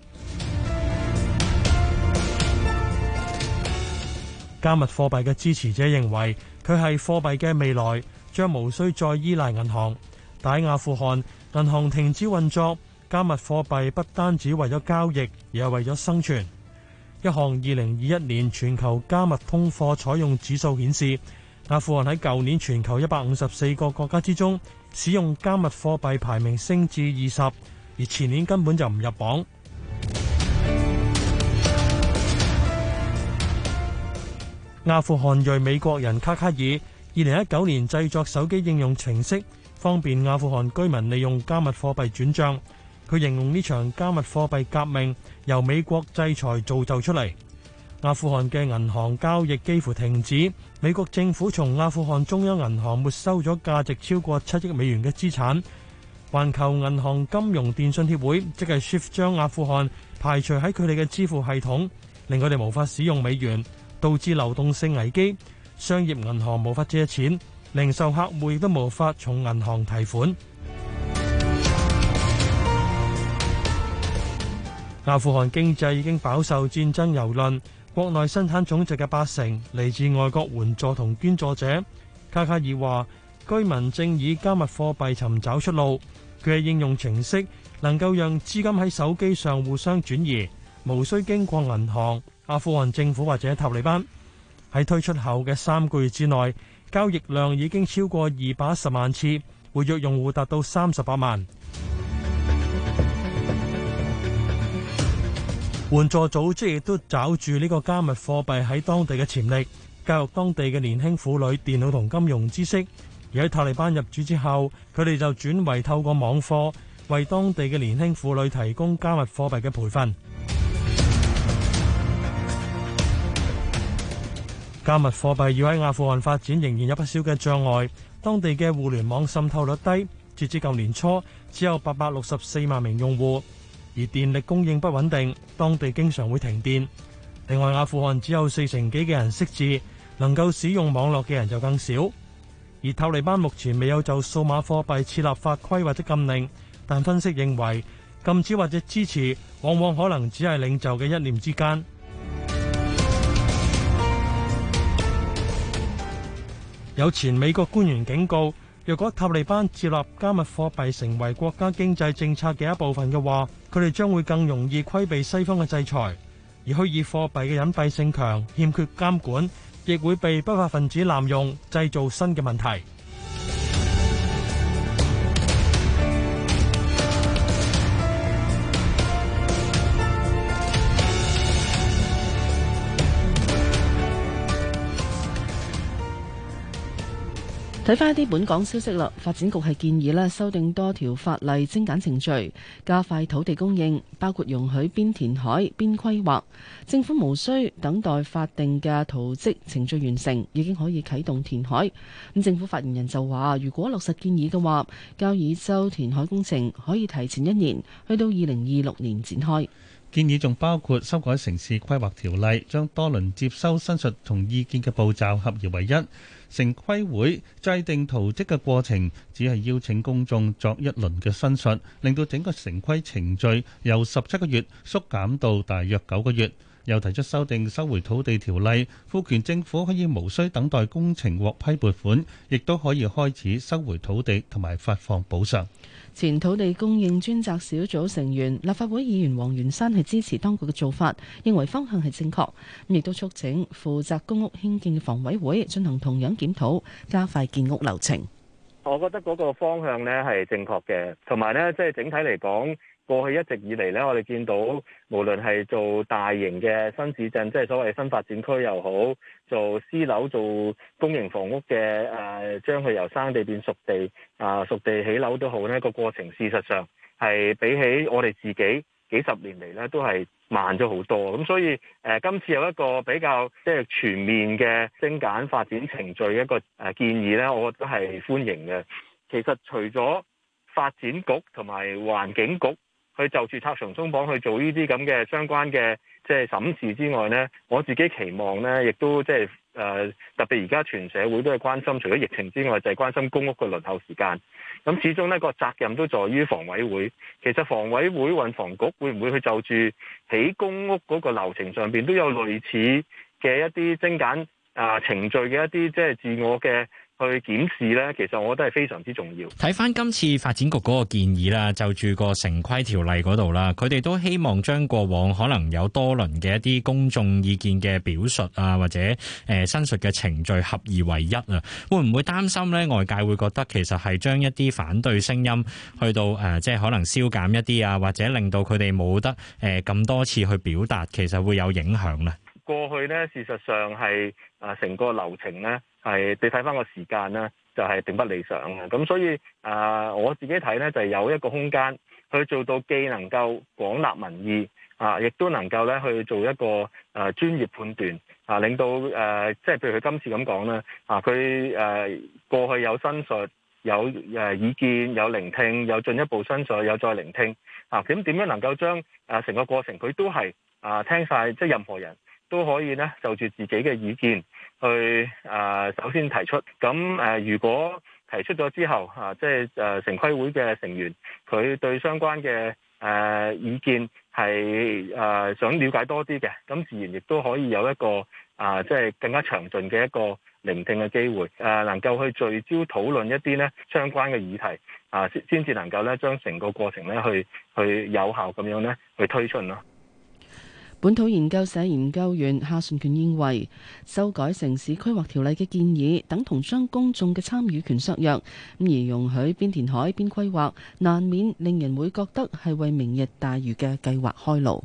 加密貨幣嘅支持者認為，佢係貨幣嘅未來，將無需再依賴銀行。但在阿富汗，銀行停止運作，加密貨幣不單止為咗交易，而係為咗生存。一項二零二一年全球加密通貨採用指數顯示，阿富汗喺舊年全球一百五十四個國家之中，使用加密貨幣排名升至二十，而前年根本就唔入榜。阿 富汗裔美國人卡卡爾，二零一九年製作手機應用程式，方便阿富汗居民利用加密貨幣轉賬。佢形容呢場加密貨幣革命由美國制裁造就出嚟。阿富汗嘅銀行交易幾乎停止，美國政府從阿富汗中央銀行沒收咗價值超過七億美元嘅資產，環球銀行金融電訊協會即係 SWIFT 將阿富汗排除喺佢哋嘅支付系統，令佢哋無法使用美元，導致流動性危機，商業銀行無法借錢，零售客戶亦都無法從銀行提款。 阿富汗經濟已經飽受戰爭蹂躪。國內生產總值嘅八成嚟自外國援助同捐助者。卡卡爾話：居民正以加密貨幣尋找出路。佢嘅應用程式能夠讓資金喺手機上互相轉移，無需經過銀行、阿富汗政府或者塔利班。喺推出後嘅三個月之內，交易量已經超過二百一十萬次，活躍用戶達到三十八萬。援助組織亦都找住呢個加密貨幣喺當地嘅潛力，教育當地嘅年輕婦女電腦同金融知識。而喺塔利班入主之後，佢哋就轉為透過網課為當地嘅年輕婦女提供加密貨幣嘅培訓。加密貨幣要喺阿富汗發展，仍然有不少嘅障礙。當地嘅互聯網滲透率低，截至舊年初只有八百六十四萬名用戶。而電力供應不穩定，當地經常會停電。另外，阿富汗只有四成幾嘅人識字，能夠使用網絡嘅人就更少。而塔利班目前未有就數碼貨幣設立法規或者禁令，但分析認為，禁止或者支持往往可能只係領袖嘅一念之間。 有前美國官員警告，若果塔利班設立加密貨幣成為國家經濟政策嘅一部分嘅話。佢哋將會更容易規避西方嘅制裁，而虛擬貨幣嘅隱蔽性強、欠缺監管，亦會被不法分子濫用，製造新嘅問題。睇翻一啲本港消息啦，發展局係建議咧修訂多條法例，精簡程序，加快土地供應，包括容許邊填海邊規劃。政府無需等待法定嘅圖則程序完成，已經可以啟動填海。咁政府發言人就話：如果落實建議嘅話，交椅洲填海工程可以提前一年，去到二零二六年展開。建議仲包括修改城市規劃條例，將多輪接收申述同意見嘅步驟合而為一。城規會制定圖則嘅過程，只係邀請公眾作一輪嘅申述，令到整個城規程序由十七個月縮減到大約九個月。又提出修訂收回土地條例，賦權政府可以無需等待工程獲批撥款，亦都可以開始收回土地同埋發放補償。前土地供應專責小組成員、立法會議員黃元山，係支持當局嘅做法，認為方向係正確，亦都促請負責公屋興建嘅房委會進行同樣檢討，加快建屋流程。我覺得嗰個方向呢係正確嘅，同埋呢即係、就是、整體嚟講。過去一直以嚟咧，我哋見到無論係做大型嘅新市鎮，即係所謂新發展區又好，做私樓、做公營房屋嘅誒、啊，將佢由生地變熟地，啊熟地起樓都好呢、呢個過程事實上係比起我哋自己幾十年嚟咧，都係慢咗好多。咁所以誒、呃，今次有一個比較即係、就是、全面嘅精簡發展程序一個誒建議咧，我覺得係歡迎嘅。其實除咗發展局同埋環境局，去就住拆牆鬆綁去做呢啲咁嘅相關嘅即係審視之外咧，我自己期望咧，亦都即係誒特別而家全社會都係關心除咗疫情之外，就係、是、關心公屋嘅輪候時間，咁始終咧個責任都在於房委會，其實房委會運房局會唔會去就住喺公屋嗰個流程上邊都有類似嘅一啲精簡啊、呃、程序嘅一啲即係自我嘅？去檢視咧，其實我覺得係非常之重要。睇翻今次發展局嗰個建議啦， 就住個城規條例嗰度啦，佢哋都希望將過往可能有多輪嘅一啲公眾意見嘅表述啊，或者誒申、呃、述嘅程序合二為一啊。會唔會擔心咧？外界會覺得其實係將一啲反對聲音去到誒、呃，即係可能消減一啲啊，或者令到佢哋冇得誒咁、呃、多次去表達，其實會有影響呢？過去呢，事實上係誒成個流程呢。係你睇翻個時間呢，就係、是、並不理想嘅。咁所以啊、呃，我自己睇呢，就係、是、有一個空間去做到既能夠廣納民意啊，亦都能夠呢去做一個誒、啊、專業判斷啊，令到誒即係譬如佢今次咁講啦，啊，佢誒、啊啊、過去有申述有誒意見有聆聽有進一步申述有再聆聽啊，咁點樣能夠將誒成、啊、個過程佢都係啊聽晒，即係任何人都可以呢，就住自己嘅意見。去啊，首先提出咁誒，如果提出咗之後啊，即係誒城規會嘅成員，佢對相關嘅誒、啊、意見係誒、啊、想了解多啲嘅，咁自然亦都可以有一個啊，即係更加詳盡嘅一個聆聽嘅機會，誒、啊、能夠去聚焦討論一啲咧相關嘅議題啊，先至能夠咧將成個過程咧去去有效咁樣咧去推進咯。本土研究社研究員夏順權認為，修改城市規劃條例嘅建議，等同將公眾嘅參與權削弱，而容許邊填海邊規劃，難免令人會覺得係為明日大嶼嘅計劃開路。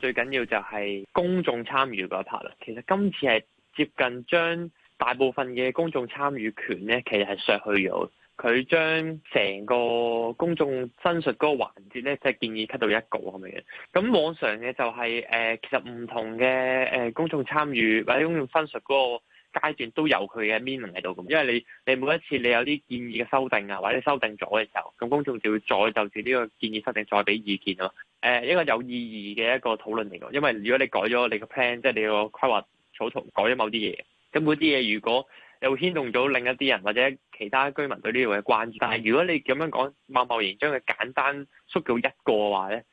最緊要就係公眾參與嗰一 part 啦，其實今次係接近將大部分嘅公眾參與權咧，其實係削去咗。佢將成個公眾申述嗰個環節咧，即係建議 cut 到一個咁嘅樣。咁往常嘅就係誒，其實唔同嘅誒公眾參與或者公眾申述嗰個階段都有佢嘅 meaning 喺度咁。因為你你每一次你有啲建議嘅修訂啊，或者修訂咗嘅時候，咁公眾就會再就住呢個建議修訂再俾意見咯。誒，一個有意義嘅一個討論嚟嘅。因為如果你改咗你個 plan，即係你個規劃草圖改咗某啲嘢，咁嗰啲嘢如果，又牽動到另一啲人或者其他居民對呢條嘅關注，但係如果你咁樣講，貿貿然將佢簡單縮到一個嘅話咧，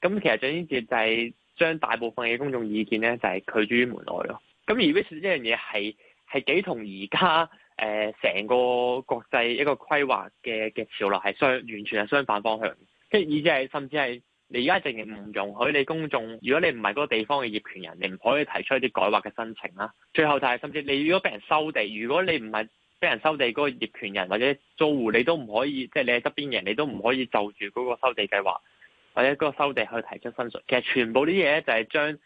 咁其實張天傑就係將大部分嘅公眾意見咧，就係、是、拒之於門外咯。咁而呢一樣嘢係係幾同而家誒成個國際一個規劃嘅嘅潮流係相完全係相反方向，即係意思係甚至係。你而家仍然唔容許你公眾，如果你唔係嗰個地方嘅業權人，你唔可以提出一啲改劃嘅申請啦。最後就係甚至你如果俾人收地，如果你唔係俾人收地嗰個業權人或者租戶，你都唔可以，即係你係側邊嘅人，你都唔可以就住嗰個收地計劃或者嗰個收地去提出申請。其實全部啲嘢咧就係將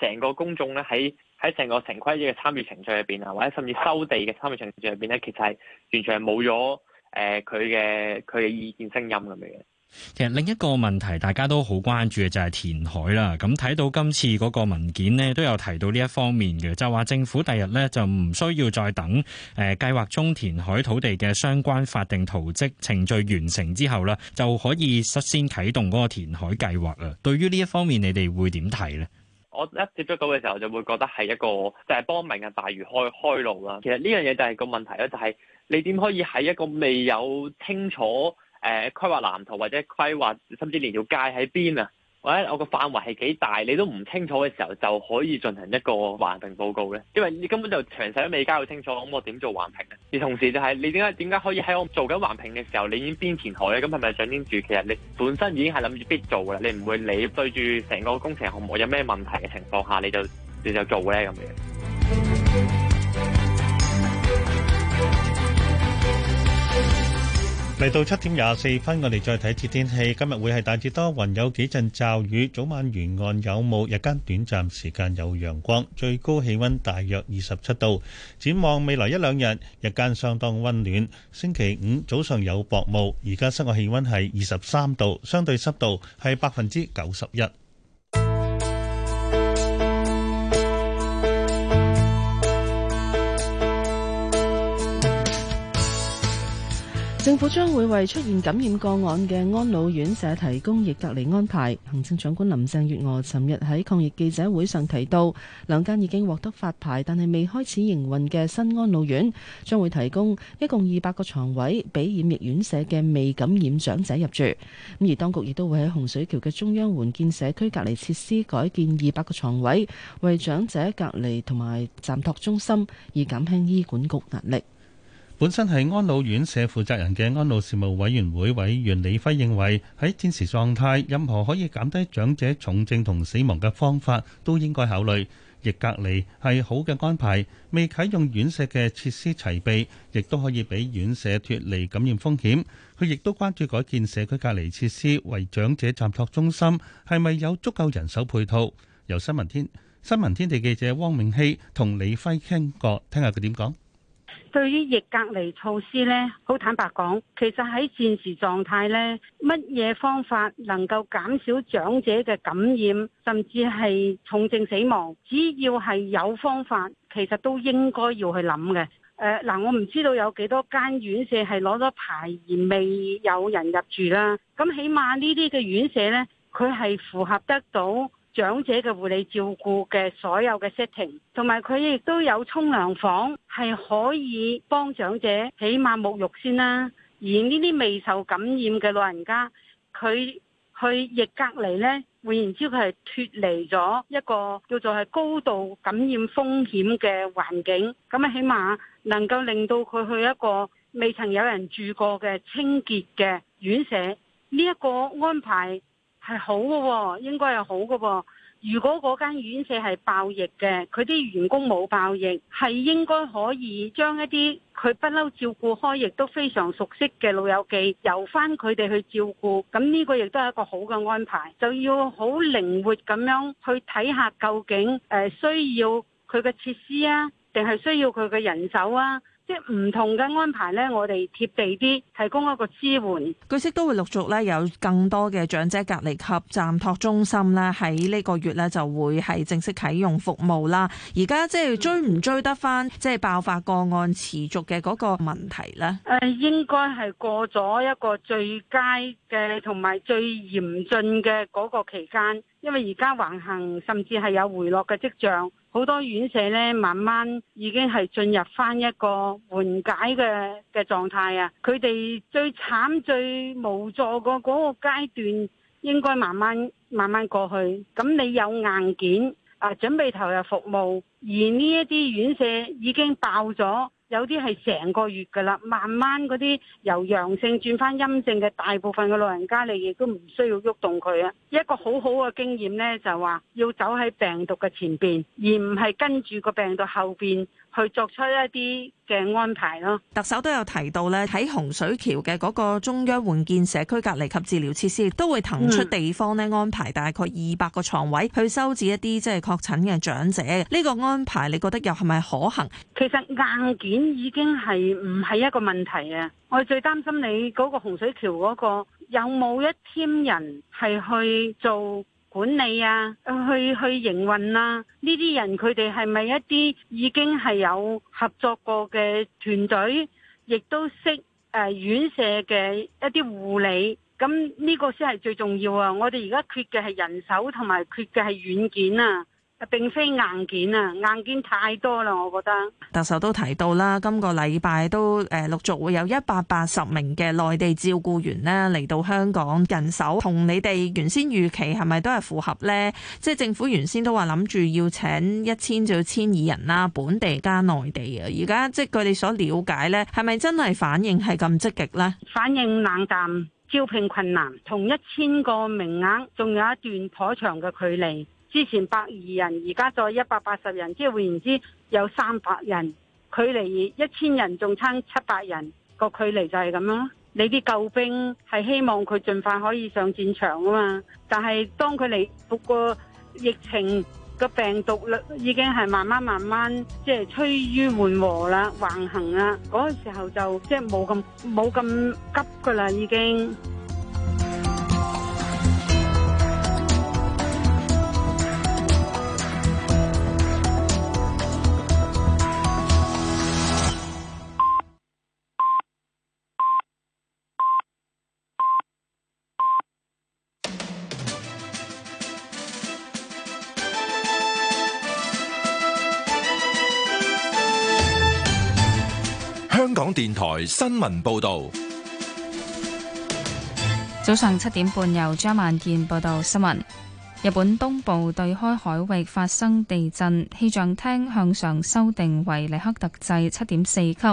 成個公眾咧喺喺成個城規嘅參與程序入邊啊，或者甚至收地嘅參與程序入邊咧，其實係完全係冇咗誒佢嘅佢嘅意見聲音咁嘅。其實另一個問題大家都好關注嘅就係填海啦。咁睇到今次嗰個文件呢，都有提到呢一方面嘅，就話政府第日呢，就唔需要再等誒計劃中填海土地嘅相關法定圖則程序完成之後啦，就可以率先啟動嗰個填海計劃啦。對於呢一方面，你哋會點睇呢？我一接觸到嘅時候就會覺得係一個就係幫明嘅大魚開開路啦。其實呢樣嘢就係個問題啦，就係、是、你點可以喺一個未有清楚？誒，規劃、呃、藍圖或者規劃，甚至連條街喺邊啊，或者我個範圍係幾大，你都唔清楚嘅時候，就可以進行一個環評報告嘅，因為你根本就詳細都未交到清楚，咁我點做環評啊？而同時就係、是、你點解點解可以喺我做緊環評嘅時候，你已經邊填海呢？咁係咪想先住？其實你本身已經係諗住必做噶啦，你唔會你對住成個工程項目有咩問題嘅情況下，你就你就做呢咁樣。嚟到七點廿四分，我哋再睇次天氣。今日會係大致多雲，有幾陣驟雨。早晚沿岸有霧，日間短暫時間有陽光。最高氣溫大約二十七度。展望未來一兩日，日間相當溫暖。星期五早上有薄霧。而家室外氣溫係二十三度，相對濕度係百分之九十一。政府將會為出現感染個案嘅安老院舍提供逆隔離安排。行政長官林鄭月娥尋日喺抗疫記者會上提到，兩間已經獲得發牌但係未開始營運嘅新安老院將會提供一共二百個床位，俾染疫院舍嘅未感染長者入住。咁而當局亦都會喺洪水橋嘅中央援建社區隔離設施改建二百個床位，為長者隔離同埋暫托中心，以減輕醫管局壓力。本身係安老院舍負責人嘅安老事務委員會委員李輝認為，喺戰時狀態，任何可以減低長者重症同死亡嘅方法都應該考慮。亦隔離係好嘅安排，未啟用院舍嘅設施齊備，亦都可以俾院舍脱離感染風險。佢亦都關注改建社區隔離設施為長者暫託中心係咪有足夠人手配套。由新聞天新聞天地記者汪明希同李輝傾過，聽下佢點講。對於逆隔離措施咧，好坦白講，其實喺戰時狀態咧，乜嘢方法能夠減少長者嘅感染，甚至係重症死亡，只要係有方法，其實都應該要去諗嘅。誒、呃、嗱，我唔知道有幾多間院舍係攞咗牌而未有人入住啦。咁起碼呢啲嘅院舍咧，佢係符合得到長者嘅護理照顧嘅所有嘅 setting，同埋佢亦都有沖涼房。係可以幫長者起碼沐浴先啦，而呢啲未受感染嘅老人家，佢去疫隔離呢，換言之佢係脫離咗一個叫做係高度感染風險嘅環境，咁啊起碼能夠令到佢去一個未曾有人住過嘅清潔嘅院舍，呢、這、一個安排係好嘅、哦，應該係好嘅、哦。如果嗰間院舍係爆疫嘅，佢啲員工冇爆疫，係應該可以將一啲佢不嬲照顧開，亦都非常熟悉嘅老友記，由返佢哋去照顧，咁呢個亦都係一個好嘅安排。就要好靈活咁樣去睇下究竟誒需要佢嘅設施啊，定係需要佢嘅人手啊？即係唔同嘅安排咧，我哋貼地啲提供一個支援。據悉都會陸續咧有更多嘅長者隔離及暫托中心咧喺呢個月咧就會係正式啟用服務啦。而家即係追唔追得返，即係爆發個案持續嘅嗰個問題咧？誒，應該係過咗一個最佳嘅同埋最嚴峻嘅嗰個期間，因為而家橫行甚至係有回落嘅跡象，好多院舍呢，慢慢已經係進入翻一個緩解嘅嘅狀態啊！佢哋最慘最無助嘅嗰個階段，應該慢慢慢慢過去。咁你有硬件？啊！準備投入服務，而呢一啲院舍已經爆咗，有啲係成個月㗎喇。慢慢嗰啲由陽性轉返陰性嘅大部分嘅老人家，你亦都唔需要喐動佢啊！一個好好嘅經驗呢，就話要走喺病毒嘅前邊，而唔係跟住個病毒後邊。去作出一啲嘅安排咯。特首都有提到咧，喺洪水橋嘅嗰個中央援建社區隔離及治療設施，都會騰出地方咧，安排大概二百個床位去收治一啲即係確診嘅長者嘅。呢個安排你覺得又係咪可行？其實硬件已經係唔係一個問題啊！我最擔心你嗰個洪水橋嗰個有冇一 team 人係去做？管理啊，去去營運啊，呢啲人，佢哋係咪一啲已經係有合作過嘅團隊，亦都識誒、呃、院舍嘅一啲護理，咁呢個先係最重要啊！我哋而家缺嘅係人手，同埋缺嘅係軟件啊。啊，並非硬件啊，硬件太多啦，我覺得。特首都提到啦，今個禮拜都誒陸續會有一百八十名嘅內地照顧員呢嚟到香港，人手同你哋原先預期係咪都係符合呢？即係政府原先都話諗住要請一千至千二人啦，本地加內地啊，而家即係佢哋所了解是是呢，係咪真係反應係咁積極呢？反應冷淡，招聘困難，同一千個名額仲有一段頗長嘅距離。之前百二人，而家再一百八十人，即係換言之有三百人，距離一千人仲差七百人個距離就係咁啦。你啲救兵係希望佢盡快可以上戰場啊嘛，但係當佢哋不過疫情個病毒啦，已經係慢慢慢慢即係趨於緩和啦，橫行啦，嗰時候就即係冇咁冇咁急噶啦，已經。電台新聞報道：早上七點半，由張萬健報道新聞。日本東部對開海域發生地震，氣象廳向上修訂為黎克特制七點四級。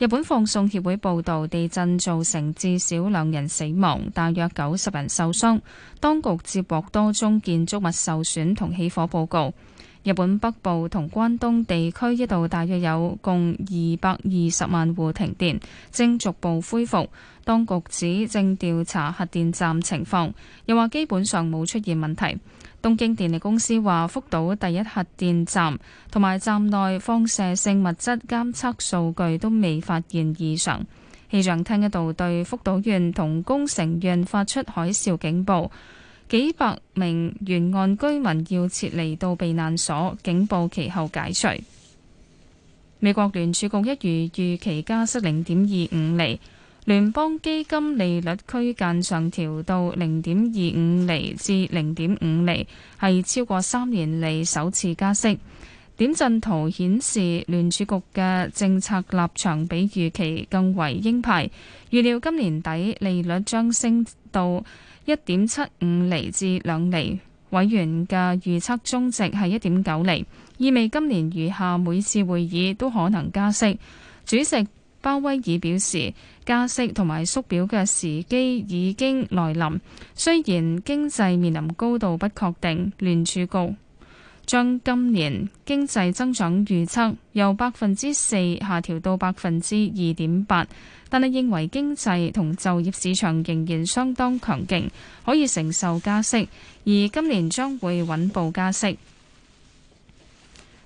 日本放送協會報道，地震造成至少兩人死亡，大約九十人受傷。當局接獲多宗建築物受損同起火報告。日本北部同關東地區一度大約有共二百二十萬戶停電，正逐步恢復。當局指正調查核電站情況，又話基本上冇出現問題。東京電力公司話，福島第一核電站同埋站內放射性物質監測數據都未發現異常。氣象廳一度對福島縣同宮城縣發出海嘯警報。幾百名沿岸居民要撤離到避難所，警報其後解除。美國聯儲局一如預期加息零點二五厘，聯邦基金利率區間上調到零點二五厘至零點五厘，係超過三年嚟首次加息。點陣圖顯示，聯儲局嘅政策立場比預期更為鷹派，預料今年底利率將升到一點七五厘至兩厘，委員嘅預測中值係一點九厘，意味今年餘下每次會議都可能加息。主席鮑威爾表示，加息同埋縮表嘅時機已經來臨。雖然經濟面臨高度不確定，聯儲局將今年經濟增長預測由百分之四下調到百分之二點八。但係，認為經濟同就業市場仍然相當強勁，可以承受加息，而今年將會穩步加息。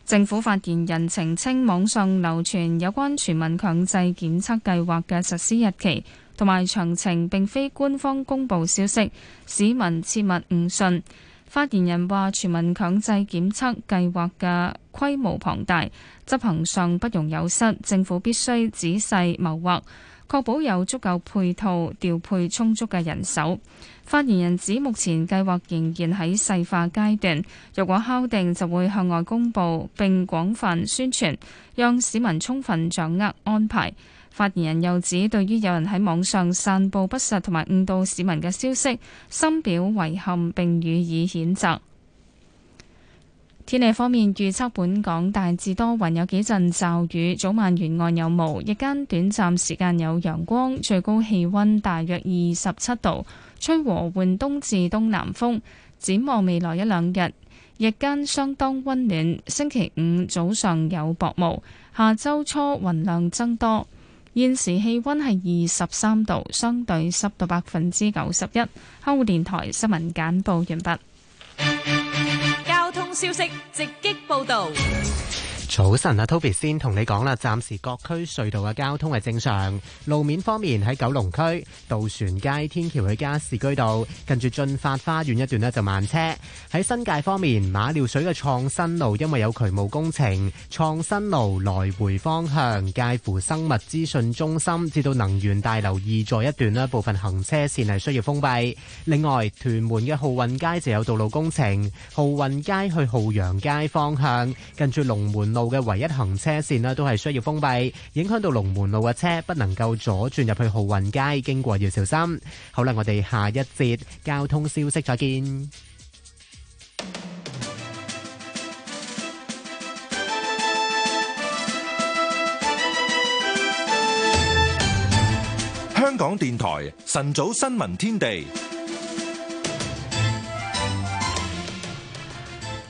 政府發言人澄清，網上流傳有關全民強制檢測計劃嘅實施日期同埋詳情，並非官方公布消息，市民切勿誤信。發言人話：全民強制檢測計劃嘅規模龐大，執行上不容有失，政府必須仔細謀劃。確保有足夠配套、調配充足嘅人手。發言人指，目前計劃仍然喺細化階段，若果敲定就會向外公佈並廣泛宣傳，讓市民充分掌握安排。發言人又指，對於有人喺網上散佈不實同埋誤導市民嘅消息，深表遺憾並予以譴責。天氣方面預測，本港大致多雲，有幾陣驟雨，早晚沿岸有霧，日間短暫時間有陽光，最高氣溫大約二十七度，吹和緩東至東南風。展望未來一兩日，日間相當溫暖。星期五早上有薄霧，下周初雲量增多。現時氣溫係二十三度，相對濕度百分之九十一。香港電台新聞簡報完畢。消息直擊報道。Yes. 早晨，阿 Toby 先同你講啦，暫時各區隧道嘅交通係正常。路面方面喺九龍區渡船街天橋去加士居道近住駿發花園一段咧就慢車。喺新界方面，馬料水嘅創新路因為有渠務工程，創新路來回方向介乎生物資訊中心至到能源大樓二座一段咧部分行車線係需要封閉。另外，屯門嘅浩運街就有道路工程，浩運街去浩洋街方向近住龍門路。路嘅唯一行車線呢，都係需要封閉，影響到龍門路嘅車不能夠左轉入去浩運街，經過要小心。好啦，我哋下一節交通消息再見。香港電台晨早新聞天地。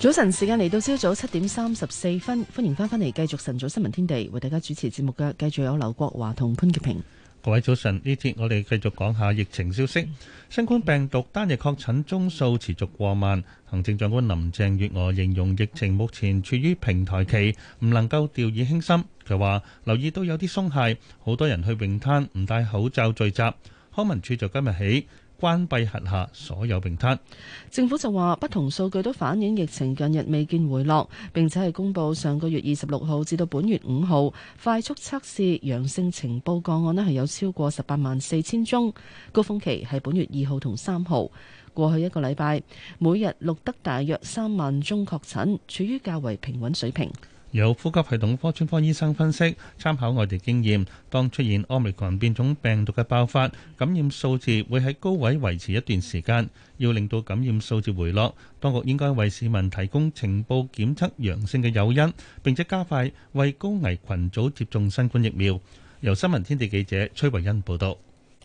早晨，時間嚟到朝早七點三十四分，歡迎翻返嚟繼續晨早新聞天地，為大家主持節目嘅繼續有劉國華同潘潔平。各位早晨，呢節我哋繼續講下疫情消息。新冠病毒單日確診宗數持續過萬，行政長官林鄭月娥形容疫情目前處於平台期，唔能夠掉以輕心。佢話留意都有啲鬆懈，好多人去泳灘唔戴口罩聚集，康文署就今日起。關閉轄下所有病攤。政府就話不同數據都反映疫情近日未見回落，並且係公布上個月二十六號至到本月五號快速測試陽性情報個案咧係有超過十八萬四千宗，高峰期係本月二號同三號。過去一個禮拜，每日錄得大約三萬宗確診，處於較為平穩水平。有呼吸系統科專科醫生分析，參考外地經驗，當出現奧密克戎變種病毒嘅爆發，感染數字會喺高位維持一段時間。要令到感染數字回落，當局應該為市民提供情報檢測陽性嘅誘因，並且加快為高危群組接種新冠疫苗。由新聞天地記者崔慧欣報道。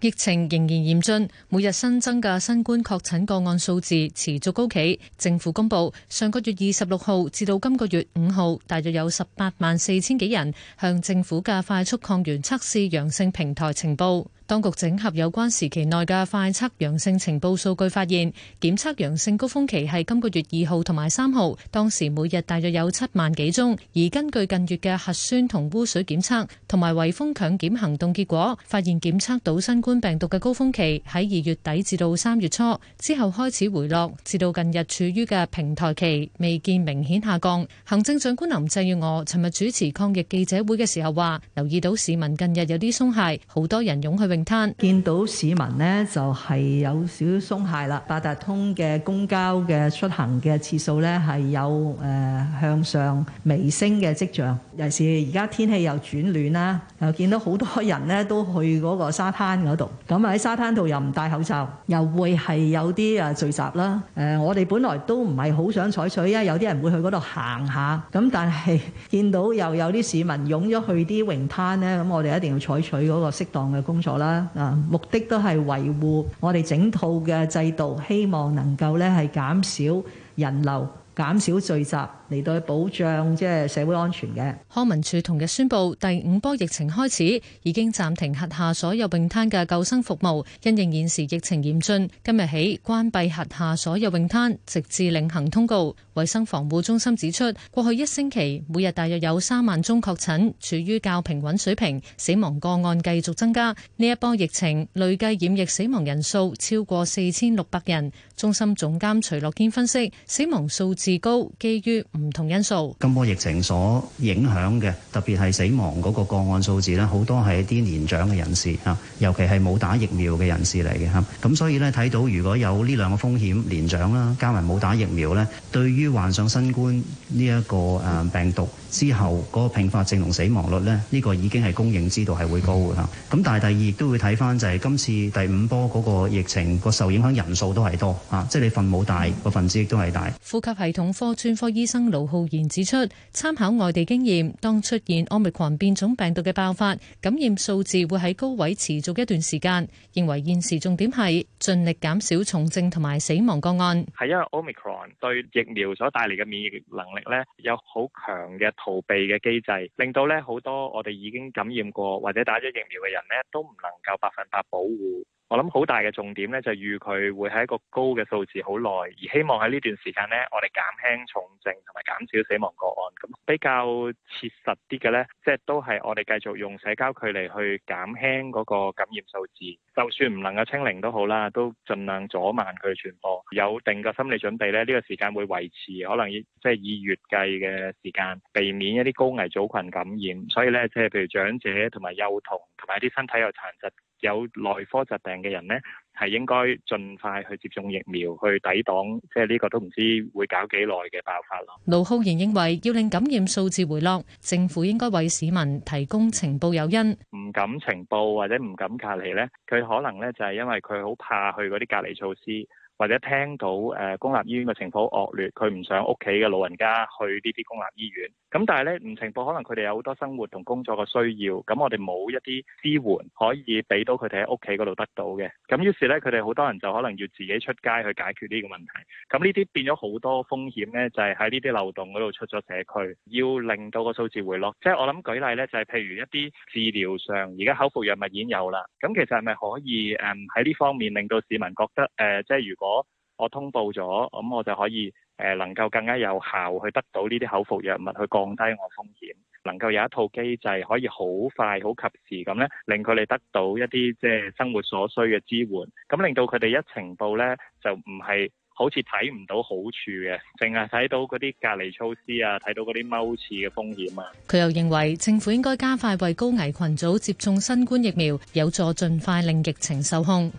疫情仍然嚴峻，每日新增嘅新冠確診個案數字持續高企。政府公布，上個月二十六號至到今個月五號，大約有十八萬四千幾人向政府嘅快速抗原測試陽性平台呈報。當局整合有關時期內嘅快測陽性情報數據，發現檢測陽性高峰期係今個月二號同埋三號，當時每日大約有七萬幾宗。而根據近月嘅核酸同污水檢測同埋圍封強檢行動結果，發現檢測到新冠病毒嘅高峰期喺二月底至到三月初，之後開始回落，至到近日處於嘅平台期，未見明顯下降。行政長官林鄭月娥尋日主持抗疫記者會嘅時候話：留意到市民近日有啲鬆懈，好多人湧去泳灘見到市民咧就係、是、有少少鬆懈啦，八達通嘅公交嘅出行嘅次數咧係有誒、呃、向上微升嘅跡象。尤其是而家天氣又轉暖啦，又、呃、見到好多人咧都去嗰個沙灘嗰度，咁喺沙灘度又唔戴口罩，又會係有啲啊聚集啦。誒、呃，我哋本來都唔係好想採取啊，有啲人會去嗰度行下，咁但係見到又有啲市民湧咗去啲泳灘咧，咁我哋一定要採取嗰個適當嘅工作啦。啊！目的都係維護我哋整套嘅制度，希望能夠咧係減少人流，減少聚集嚟到保障即係社會安全嘅。康文署同日宣布，第五波疫情開始已經暫停轄下所有泳灘嘅救生服務，因應現時疫情嚴峻，今日起關閉轄下所有泳灘，直至另行通告。衛生防護中心指出，過去一星期每日大約有三萬宗確診，處於較平穩水平，死亡個案繼續增加。呢一波疫情累計染疫死亡人數超過四千六百人。中心總監徐樂堅分析，死亡數字至高，基於唔同因素。今波疫情所影響嘅，特別係死亡嗰個個案數字咧，好多係一啲年長嘅人士吓。尤其係冇打疫苗嘅人士嚟嘅嚇，咁、嗯、所以呢，睇到如果有呢兩個風險，年長啦加埋冇打疫苗呢，對於患上新冠呢一個誒病毒之後嗰、那個併發症同死亡率呢，呢、這個已經係公認知道係會高嘅嚇。咁、嗯、但係第二都會睇翻就係今次第五波嗰個疫情個受影響人數都係多嚇、啊，即係你分母大個分子亦都係大。大呼吸系統科專科醫生盧浩然指出，參考外地經驗，當出現奧密克變種病毒嘅爆發，感染數字會喺高位持續。做一段時間，認為現時重點係盡力減少重症同埋死亡個案。係因為 Omicron 對疫苗所帶嚟嘅免疫能力咧，有好強嘅逃避嘅機制，令到咧好多我哋已經感染過或者打咗疫苗嘅人咧，都唔能夠百分百保護。我諗好大嘅重點咧，就預佢會喺一個高嘅數字好耐，而希望喺呢段時間咧，我哋減輕重症同埋減少死亡個案，咁比較切實啲嘅咧，即係都係我哋繼續用社交距離去減輕嗰個感染數字，就算唔能夠清零都好啦，都盡量阻慢佢傳播，有定個心理準備咧，呢個時間會維持，可能即係以月計嘅時間，避免一啲高危組群感染，所以咧即係譬如長者同埋幼童同埋啲身體有殘疾。有內科疾病嘅人咧，係應該盡快去接種疫苗，去抵擋。即係呢個都唔知會搞幾耐嘅爆發咯。盧浩然認為，要令感染數字回落，政府應該為市民提供情報誘因。唔敢情報或者唔敢隔離咧，佢可能咧就係因為佢好怕去嗰啲隔離措施。或者聽到誒、呃、公立醫院嘅情況惡劣，佢唔想屋企嘅老人家去呢啲公立醫院。咁但係咧，唔情況可能佢哋有好多生活同工作嘅需要。咁我哋冇一啲支援可以俾到佢哋喺屋企嗰度得到嘅。咁於是咧，佢哋好多人就可能要自己出街去解決呢個問題。咁呢啲變咗好多風險咧，就係喺呢啲漏洞嗰度出咗社區，要令到個數字回落。即係我諗舉例咧，就係譬如一啲治療上，而家口服藥物已經有啦。咁其實係咪可以誒喺呢方面令到市民覺得誒、呃，即係如果？我我通報咗，咁我就可以誒能夠更加有效去得到呢啲口服藥物，去降低我風險，能夠有一套機制可以好快好及時咁咧，令佢哋得到一啲即係生活所需嘅支援，咁令到佢哋一呈報咧就唔係好似睇唔到好處嘅，淨係睇到嗰啲隔離措施啊，睇到嗰啲踎刺嘅風險啊。佢又認為政府應該加快為高危群組接種新冠疫苗，有助盡快令疫情受控。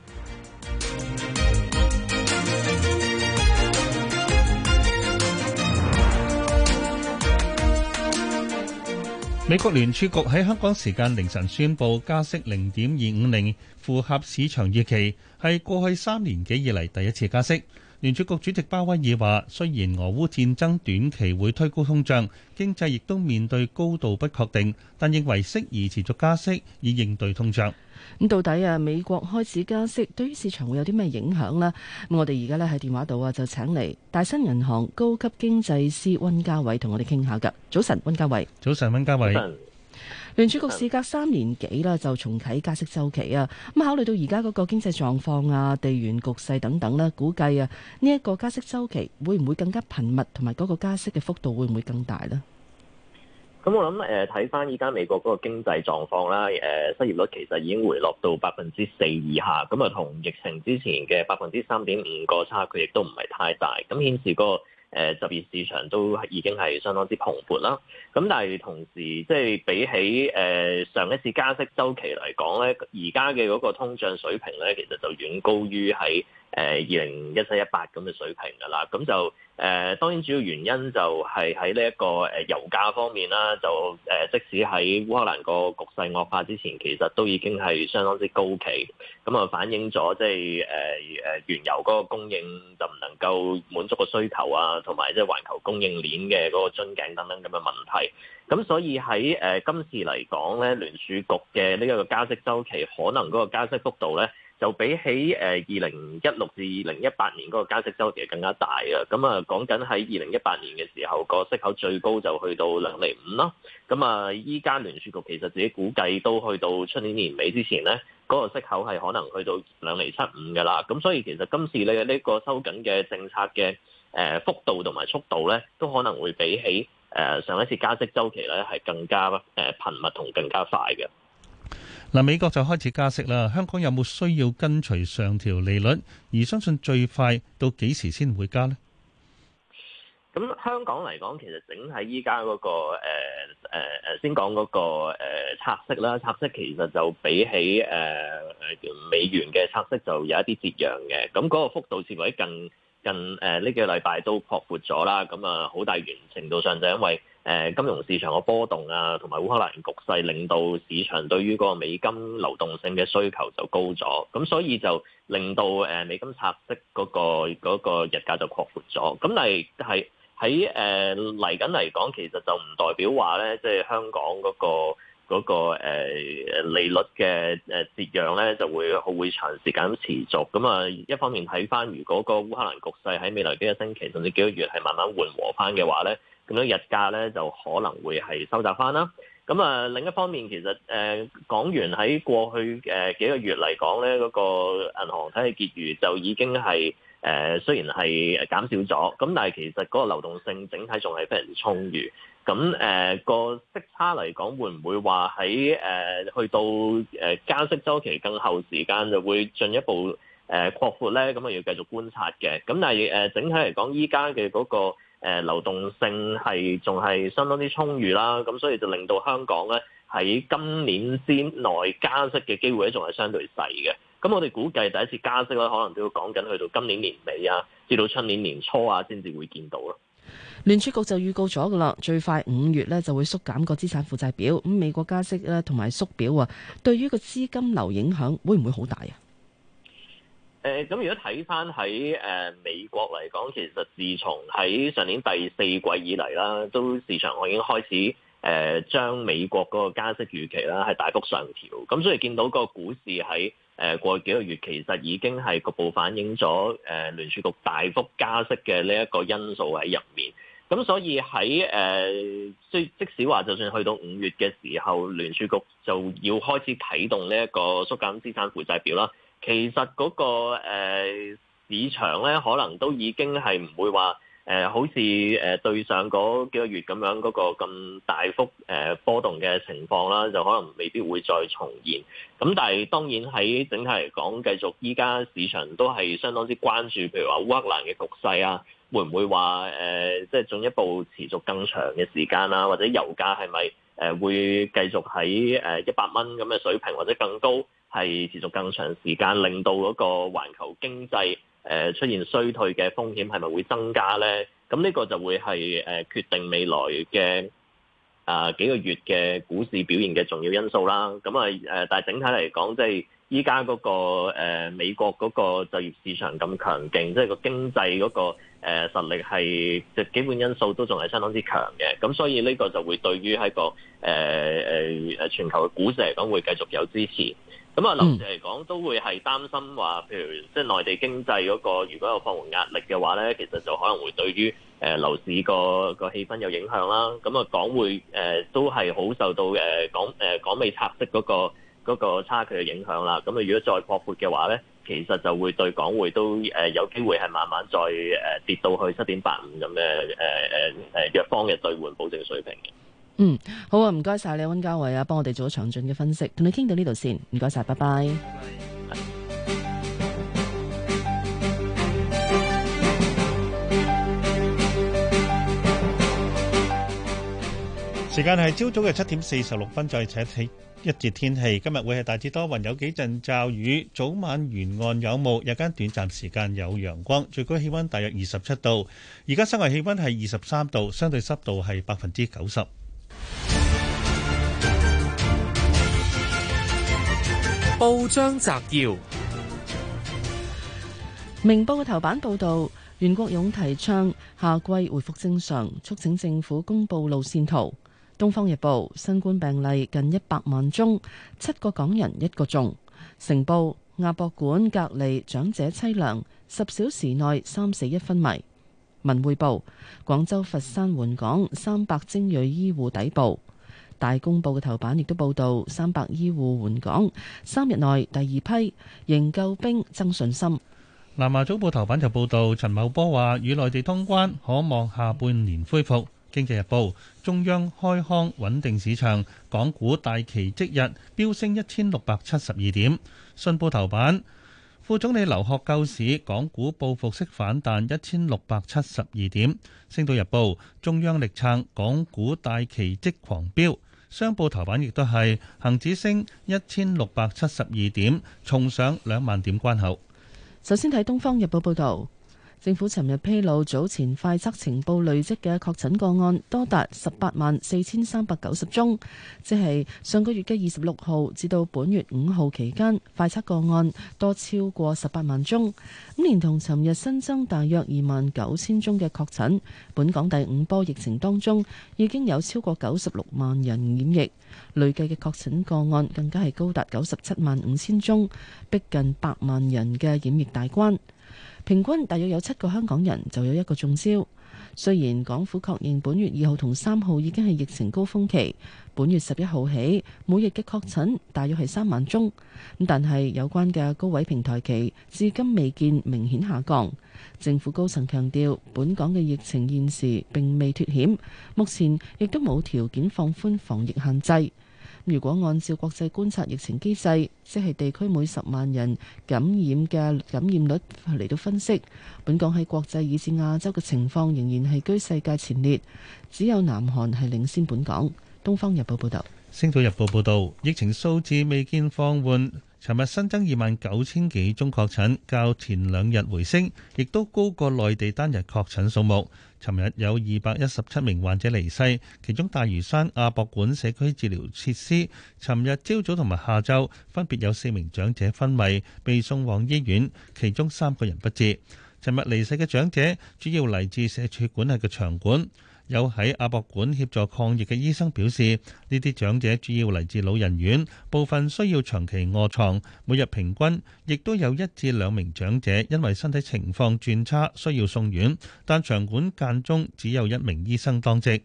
美國聯儲局喺香港時間凌晨宣佈加息零點二五零。符合市場預期，係過去三年幾以嚟第一次加息。聯儲局主席鮑威爾話：雖然俄烏戰爭短期會推高通脹，經濟亦都面對高度不確定，但認為適宜持續加息以應對通脹。咁到底啊，美國開始加息，對於市場會有啲咩影響呢？咁我哋而家呢喺電話度啊，就請嚟大新銀行高級經濟師温家偉同我哋傾下㗎。早晨，温家偉。早晨，温家偉。聯儲局事隔三年幾啦，就重啟加息周期啊！咁考慮到而家嗰個經濟狀況啊，地緣局勢等等咧，估計啊，呢一個加息周期會唔會更加頻密，同埋嗰個加息嘅幅度會唔會更大呢？咁我諗誒，睇翻依家美國嗰個經濟狀況啦，誒、呃，失業率其實已經回落到百分之四以下，咁啊，同疫情之前嘅百分之三點五個差距亦都唔係太大，咁顯示個。誒，就業、呃、市場都已經係相當之蓬勃啦。咁但係同時，即係比起誒、呃、上一次加息周期嚟講咧，而家嘅嗰個通脹水平咧，其實就遠高於喺，誒、呃、二零一七一八咁嘅水平噶啦，咁就誒、呃、當然主要原因就係喺呢一個誒油價方面啦，就誒、呃、即使喺烏克蘭個局勢惡化之前，其實都已經係相當之高企，咁啊，反映咗即係誒誒原油嗰個供應就唔能夠滿足個需求啊，同埋即係環球供應鏈嘅嗰個樽頸等等咁嘅問題。咁所以喺誒、呃、今次嚟講咧，聯儲局嘅呢一個加息週期，可能嗰個加息幅度咧。就比起誒二零一六至二零一八年嗰個加息周期更加大啊！咁啊，講緊喺二零一八年嘅時候，個息口最高就去到兩厘五啦。咁啊，依家聯儲局其實自己估計都去到出年年尾之前咧，嗰、那個息口係可能去到兩厘七五嘅啦。咁所以其實今次咧呢個收緊嘅政策嘅誒幅度同埋速度咧，都可能會比起誒上一次加息周期咧係更加誒頻密同更加快嘅。嗱，美國就開始加息啦。香港有冇需要跟隨上調利率？而相信最快到幾時先會加呢？咁香港嚟講，其實整體依家嗰個誒誒先講嗰個誒拆息啦。拆息其實就比起誒誒美元嘅拆息就有一啲折讓嘅。咁嗰個幅度似乎喺近近誒呢幾個禮拜都擴闊咗啦。咁啊，好大程度上就因為。誒金融市場嘅波動啊，同埋烏克蘭局勢令到市場對於個美金流動性嘅需求就高咗，咁所以就令到誒、呃、美金拆息嗰、那個那個日價就擴闊咗。咁係係喺誒嚟緊嚟講，其實就唔代表話咧，即、就、係、是、香港嗰、那個嗰、那個、呃、利率嘅誒節揚咧，就會會長時間持續。咁啊，一方面睇翻，如果個烏克蘭局勢喺未來幾個星期甚至幾個月係慢慢緩和翻嘅話咧。嗯咁樣日價咧就可能會係收窄翻啦。咁啊另一方面，其實誒港元喺過去誒、呃、幾個月嚟講咧，嗰、那個銀行體系結餘就已經係誒、呃、雖然係減少咗，咁但係其實嗰個流動性整體仲係非常之充裕。咁誒、呃、個息差嚟講，會唔會話喺誒去到誒、呃、加息週期更後時間就會進一步誒擴闊咧？咁、呃、啊要繼續觀察嘅。咁但係誒、呃、整體嚟講，依家嘅嗰個。誒流動性係仲係相當之充裕啦，咁所以就令到香港咧喺今年先內加息嘅機會咧，仲係相對細嘅。咁我哋估計第一次加息咧，可能都要講緊去到今年年尾啊，至到出年年初啊，先至會見到咯。聯儲局就預告咗㗎啦，最快五月咧就會縮減個資產負債表。咁美國加息咧同埋縮表啊，對於個資金流影響會唔會好大啊？誒咁、呃、如果睇翻喺誒美國嚟講，其實自從喺上年第四季以嚟啦，都市場已經開始誒、呃、將美國嗰個加息預期啦，係大幅上調。咁所以見到個股市喺誒過去幾個月，其實已經係局部反映咗誒、呃、聯儲局大幅加息嘅呢一個因素喺入面。咁所以喺誒即即使話，就算去到五月嘅時候，聯儲局就要開始啟動呢一個縮減資產負債表啦。其實嗰、那個、呃、市場咧，可能都已經係唔會話誒、呃、好似誒對上嗰幾個月咁樣嗰、那個咁大幅誒、呃、波動嘅情況啦，就可能未必會再重現。咁但係當然喺整體嚟講，繼續依家市場都係相當之關注，譬如話烏克蘭嘅局勢啊，會唔會話誒、呃、即係進一步持續更長嘅時間啦、啊？或者油價係咪誒會繼續喺誒一百蚊咁嘅水平或者更高？係持續更長時間，令到嗰個環球經濟誒、呃、出現衰退嘅風險係咪會增加咧？咁呢個就會係誒決定未來嘅啊、呃、幾個月嘅股市表現嘅重要因素啦。咁啊誒，但係整體嚟講，即係依家嗰個、呃、美國嗰個就業市場咁強勁，即係個經濟嗰個誒、呃、實力係就基本因素都仲係相當之強嘅。咁所以呢個就會對於喺個誒誒誒全球嘅股市嚟講，會繼續有支持。咁啊，樓市嚟講都會係擔心話，譬如即係內地經濟嗰個，如果有放緩壓力嘅話咧，其實就可能會對於誒樓市個個氣氛有影響啦。咁 啊，港匯誒都係好受到誒港誒港美拆息嗰個差距嘅影響啦。咁啊，如果再擴闊嘅話咧，其實就會對港匯都誒有機會係慢慢再誒跌到去七點八五咁嘅誒誒誒弱方嘅兌換保證水平。嗯，好啊！唔該晒你，溫家偉啊，幫我哋做咗詳盡嘅分析，同你傾到呢度先。唔該晒，拜拜。時間係朝早嘅七點四十六分，再扯起一節天氣。今日會係大致多雲，有幾陣驟雨，早晚沿岸有霧，日間短暫時間有陽光，最高氣溫大約二十七度。而家室外氣溫係二十三度，相對濕度係百分之九十。報章摘要：明報嘅頭版報道，袁國勇提倡夏季回復正常，促請政府公布路線圖。東方日報：新冠病例近一百萬宗，七個港人一個重。成報：亞博館隔離長者淒涼，十小時內三死一昏迷。文匯報：廣州佛山援港三百精銳醫護抵埗。大公報嘅頭版亦都報道，三百醫護援港，三日內第二批營救兵增信心。南華早報頭版就報道，陳茂波話與內地通關可望下半年恢復。經濟日報：中央開倉穩定市場，港股大旗即日飆升一千六百七十二點。信報頭版。副總理劉鶴救市，港股報復式反彈一千六百七十二點，星島日報中央力撐，港股大奇蹟狂飆。商報頭版亦都係，恒指升一千六百七十二點，重上兩萬點關口。首先睇東方日報報道。政府尋日披露早前快測情報累積嘅確診個案多達十八萬四千三百九十宗，即係上個月嘅二十六號至到本月五號期間，快測個案多超過十八萬宗。咁連同尋日新增大約二萬九千宗嘅確診，本港第五波疫情當中已經有超過九十六萬人染疫，累計嘅確診個案更加係高達九十七萬五千宗，逼近百萬人嘅染疫大關。平均大約有七個香港人就有一個中招。雖然港府確認本月二號同三號已經係疫情高峰期，本月十一號起每日嘅確診大約係三萬宗，但係有關嘅高位平台期至今未見明顯下降。政府高層強調，本港嘅疫情現時並未脫險，目前亦都冇條件放寬防疫限制。如果按照國際觀察疫情機制，即係地區每十萬人感染嘅感染率嚟到分析，本港喺國際以至亞洲嘅情況仍然係居世界前列，只有南韓係領先本港。《東方日報》報道，《星島日報》報道，疫情數字未見放緩。尋日新增二萬九千幾宗確診，較前兩日回升，亦都高過內地單日確診數目。尋日有二百一十七名患者離世，其中大嶼山亞博館社區治療設施，尋日朝早同埋下晝分別有四名長者昏迷，被送往醫院，其中三個人不治。尋日離世嘅長者主要嚟自社署管轄嘅場館。有喺阿博館協助抗疫嘅醫生表示，呢啲長者主要嚟自老人院，部分需要長期臥床，每日平均亦都有一至兩名長者因為身體情況轉差需要送院，但場館間中只有一名醫生當值。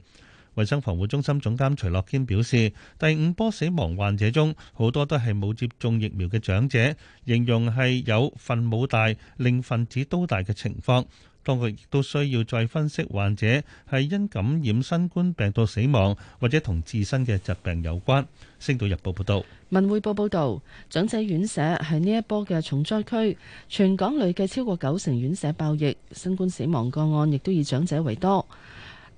衛生防護中心總監徐樂堅表示，第五波死亡患者中，好多都係冇接種疫苗嘅長者，形容係有分母大，令分子都大嘅情況。當局亦都需要再分析患者係因感染新冠病毒死亡，或者同自身嘅疾病有關。星島日報報道，文匯報報道，長者院舍係呢一波嘅重災區，全港累計超過九成院舍爆疫，新冠死亡個案亦都以長者為多。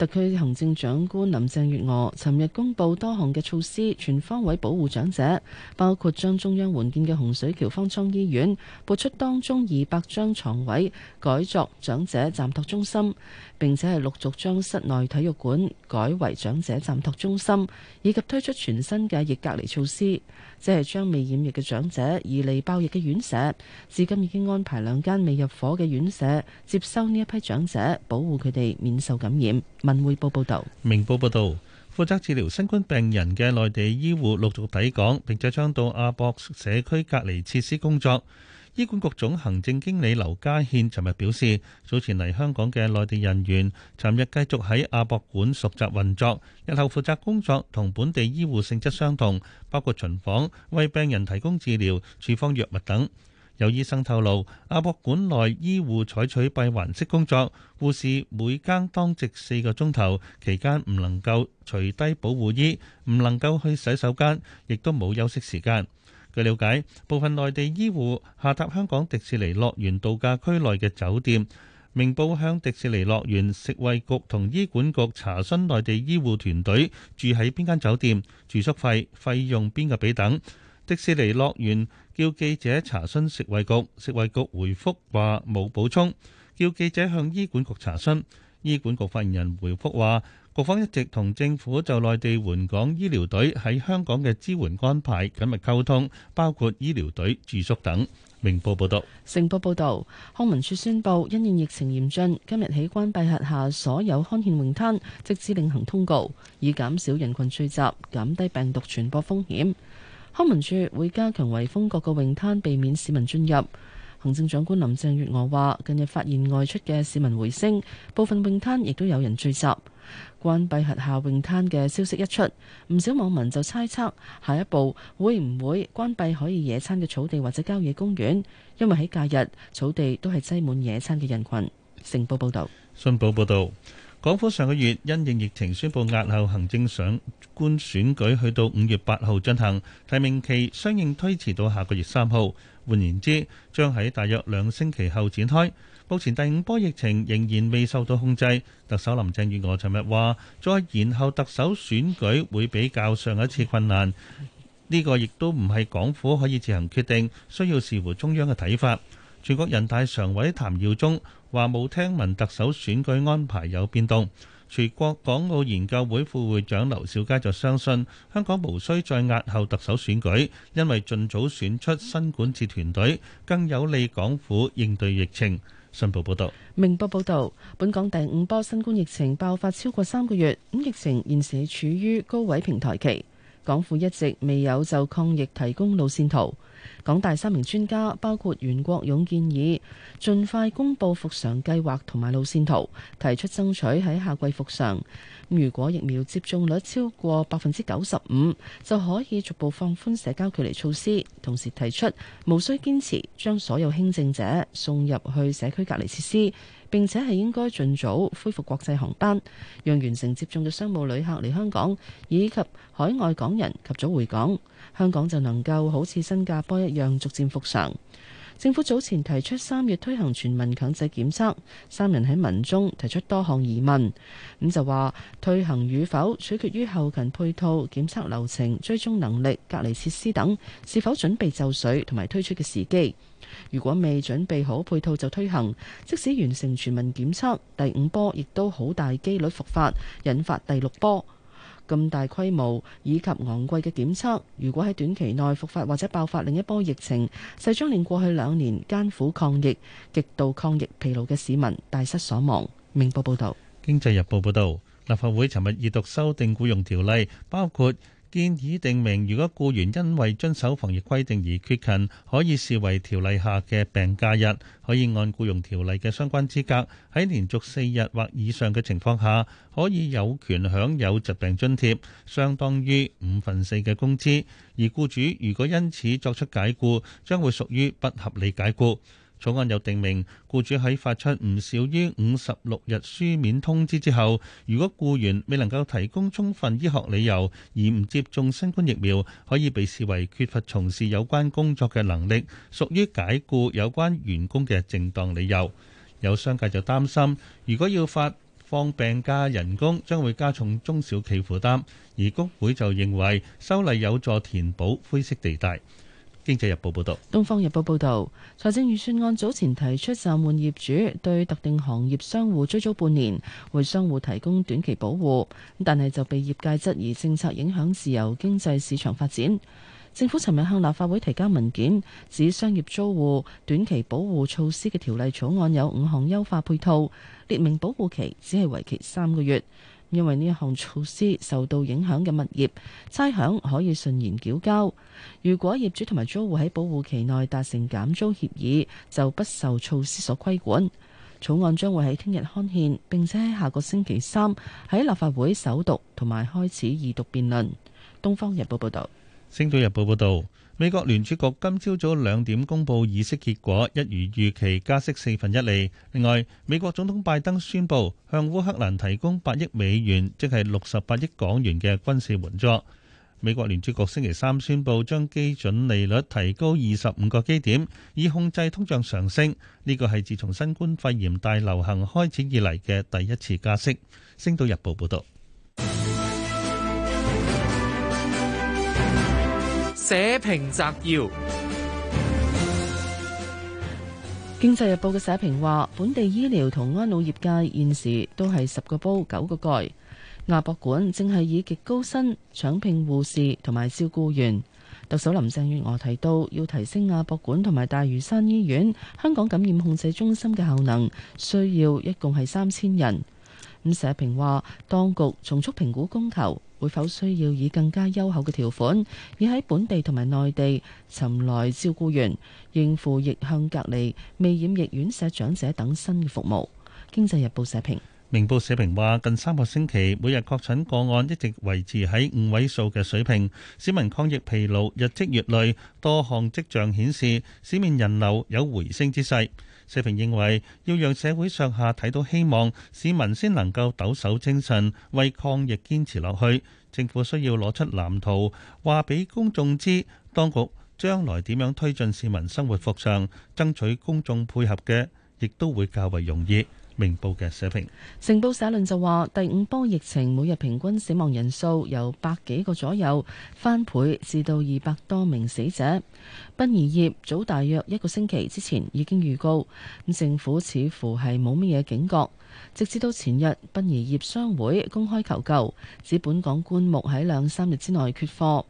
特區行政長官林鄭月娥尋日公布多項嘅措施，全方位保護長者，包括將中央援建嘅洪水橋方艙醫院撥出當中二百張床位，改作長者暫托中心。並且係陸續將室內體育館改為長者暫托中心，以及推出全新嘅疫隔離措施，即係將未染疫嘅長者移離爆疫嘅院舍。至今已經安排兩間未入伙嘅院舍接收呢一批長者，保護佢哋免受感染。文匯報報道。明報報道，負責治療新冠病人嘅內地醫護陸續抵港，並且將到亞博社區隔離設施工作。醫管局總行政經理劉家憲尋日表示，早前嚟香港嘅內地人員，尋日繼續喺亞博館熟習運作，日後負責工作同本地醫護性質相同，包括巡房，為病人提供治療、處方藥物等。有醫生透露，亞博館內醫護採取閉環式工作，護士每更當值四個鐘頭，期間唔能夠除低保護衣，唔能夠去洗手間，亦都冇休息時間。據了解，部分內地醫護下榻香港迪士尼樂園度假區內嘅酒店，明報向迪士尼樂園食衛局同醫管局查詢內地醫護團隊住喺邊間酒店、住宿費費用邊個俾等。迪士尼樂園叫記者查詢食衛局，食衛局回覆話冇補充，叫記者向醫管局查詢，醫管局發言人回覆話。各方一直同政府就內地援港醫療隊喺香港嘅支援安排緊密溝通，包括醫療隊住宿等。明報報道，成報報道，康文署宣布，因應疫情嚴峻，今日起關閉轄下所有康健泳灘，直至另行通告，以減少人群聚集，減低病毒傳播風險。康文署會加強圍封各個泳灘，避免市民進入。行政長官林鄭月娥話，近日發現外出嘅市民回升，部分泳灘亦都有人聚集。關閉轄下泳灘嘅消息一出，唔少網民就猜測下一步會唔會關閉可以野餐嘅草地或者郊野公園，因為喺假日草地都係擠滿野餐嘅人群。成報報道，信報報道，港府上個月因應疫情宣布押後行政長官選舉去到五月八號進行，提名期相應推遲到下個月三號，換言之，將喺大約兩星期後展開。目前第五波疫情仍然未受到控制，特首林鄭月娥尋日話：再延後特首選舉會比較上一次困難，呢個亦都唔係港府可以自行決定，需要視乎中央嘅睇法。全國人大常委譚耀宗話冇聽聞特首選舉安排有變動。全國港澳研究會副會長劉兆佳就相信香港無需再押後特首選舉，因為盡早選出新管治團隊更有利港府應對疫情。信報報道，明報報道，本港第五波新冠疫情爆發超過三個月，咁疫情現時處於高位平台期。港府一直未有就抗疫提供路線圖。港大三名專家包括袁國勇建議，盡快公布復常計劃同埋路線圖，提出爭取喺夏季復常。如果疫苗接種率超過百分之九十五，就可以逐步放寬社交距離措施。同時提出，無需堅持將所有輕症者送入去社區隔離設施，並且係應該盡早恢復國際航班，讓完成接種嘅商務旅客嚟香港，以及海外港人及早回港，香港就能夠好似新加坡一樣，逐漸復常。政府早前提出三月推行全民強制檢測，三人喺文中提出多項疑問，咁就話推行與否取決於後勤配套、檢測流程、追蹤能力、隔離設施等是否準備就緒同埋推出嘅時機。如果未準備好配套就推行，即使完成全民檢測，第五波亦都好大機率復發引發第六波。咁大規模以及昂貴嘅檢測，如果喺短期內復發或者爆發另一波疫情，勢將令過去兩年艱苦抗疫、極度抗疫疲勞嘅市民大失所望。明報報道，經濟日報報道，立法會尋日閱讀修訂雇傭條例，包括。建議訂明：如果雇員因為遵守防疫規定而缺勤，可以視為條例下嘅病假日，可以按僱傭條例嘅相關資格，喺連續四日或以上嘅情況下，可以有權享有疾病津貼，相當於五分四嘅工資。而雇主如果因此作出解雇，將會屬於不合理解雇。草案又定明，僱主喺發出唔少於五十六日書面通知之後，如果僱員未能夠提供充分醫學理由而唔接種新冠疫苗，可以被視為缺乏從事有關工作嘅能力，屬於解僱有關員工嘅正當理由。有商界就擔心，如果要發放病假人工，將會加重中小企負擔，而工會就認為修例有助填補灰色地帶。經濟日報報道，東方日報報道，財政預算案早前提出暫緩業主對特定行業商戶追租半年，為商戶提供短期保護。但係就被業界質疑政策影響自由經濟市場發展。政府尋日向立法會提交文件，指商業租戶短期保護措施嘅條例草案有五項優化配套，列明保護期只係為期三個月。因為呢一項措施受到影響嘅物業差餉可以順延繳交。如果業主同埋租戶喺保護期內達成減租協議，就不受措施所規管。草案將會喺聽日刊憲，並且喺下個星期三喺立法會首讀同埋開始二讀辯論。《東方日報》報道。《星島日報》報導。美國聯儲局今朝早兩點公佈議息結果，一如預期加息四分一厘。另外，美國總統拜登宣佈向烏克蘭提供八億美元，即係六十八億港元嘅軍事援助。美國聯儲局星期三宣佈將基準利率提高二十五個基點，以控制通脹上升。呢個係自從新冠肺炎大流行開始以嚟嘅第一次加息。星島日報報道。社評摘要，《經濟日報》嘅社評話，本地醫療同安老業界現時都係十個煲九個蓋，亞博館正係以極高薪搶聘護士同埋照顧員。特首林鄭月娥提到，要提升亞博館同埋大嶼山醫院香港感染控制中心嘅效能，需要一共係三千人。咁社評話，當局重速評估供求。會否需要以更加優厚嘅條款，而喺本地同埋內地尋來照顧員，應付逆向隔離、未染疫院舍長者等新嘅服務？經濟日報社評。明報社評話，近三個星期每日確診個案一直維持喺五位數嘅水平，市民抗疫疲勞日積月累，多項跡象顯示市面人流有回升之勢。社評認為，要讓社會上下睇到希望，市民先能夠抖擻精神，為抗疫堅持落去。政府需要攞出藍圖，話俾公眾知，當局將來點樣推進市民生活復常，爭取公眾配合嘅，亦都會較為容易。明報嘅社評，成報社論就話：第五波疫情每日平均死亡人數由百幾個左右翻倍至到二百多名死者。殯儀業早大約一個星期之前已經預告，咁政府似乎係冇乜嘢警覺，直至到前日殯儀業商會公開求救，指本港棺木喺兩三日之內缺貨。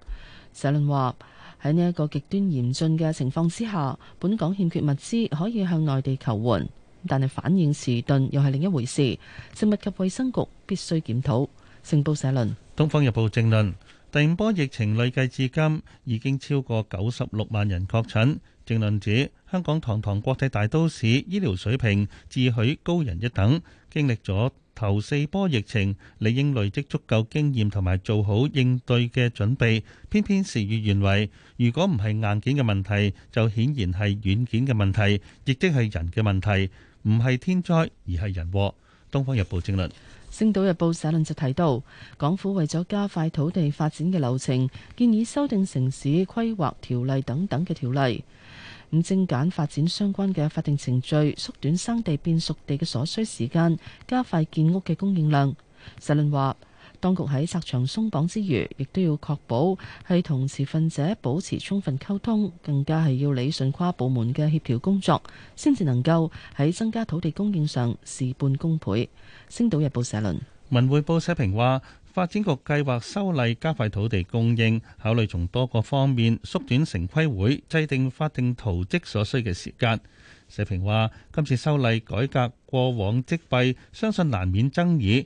社論話喺呢一個極端嚴峻嘅情況之下，本港欠缺物資，可以向內地求援。但係反應遲鈍又係另一回事。食物及衛生局必須檢討。成報社論，《東方日報》正論：第五波疫情累計至今已經超過九十六萬人確診。正論指香港堂堂國際大都市，醫療水平自詡高人一等，經歷咗頭四波疫情，理應累積足夠經驗同埋做好應對嘅準備，偏偏事與願違。如果唔係硬件嘅問題，就顯然係軟件嘅問題，亦即係人嘅問題。唔係天災，而係人禍。《東方日報》正論，《星島日報》社論就提到，港府為咗加快土地發展嘅流程，建議修訂城市規劃條例等等嘅條例，咁精簡發展相關嘅法定程序，縮短生地變熟地嘅所需時間，加快建屋嘅供應量。社論話。當局喺拆牆鬆綁之餘，亦都要確保係同持份者保持充分溝通，更加係要理順跨部門嘅協調工作，先至能夠喺增加土地供應上事半功倍。星島日報社論，文匯報社評話，發展局計劃修例加快土地供應，考慮從多個方面縮短城規會制定法定圖則所需嘅時間。社評話，今次修例改革過往積弊，相信難免爭議。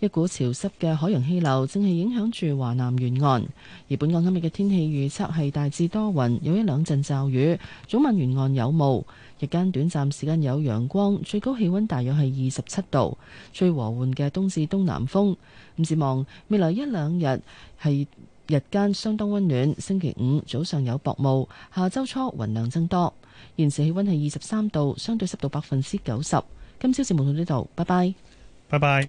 一股潮濕嘅海洋氣流正係影響住華南沿岸，而本港今日嘅天氣預測係大致多雲，有一兩陣驟雨，早晚沿岸有霧，日間短暫時間有陽光，最高氣溫大約係二十七度，最和緩嘅東至東南風。唔指望未來一兩日係日間相當溫暖。星期五早上有薄霧，下週初雲量增多。現時氣溫係二十三度，相對濕度百分之九十。今朝節目到呢度，拜拜，拜拜。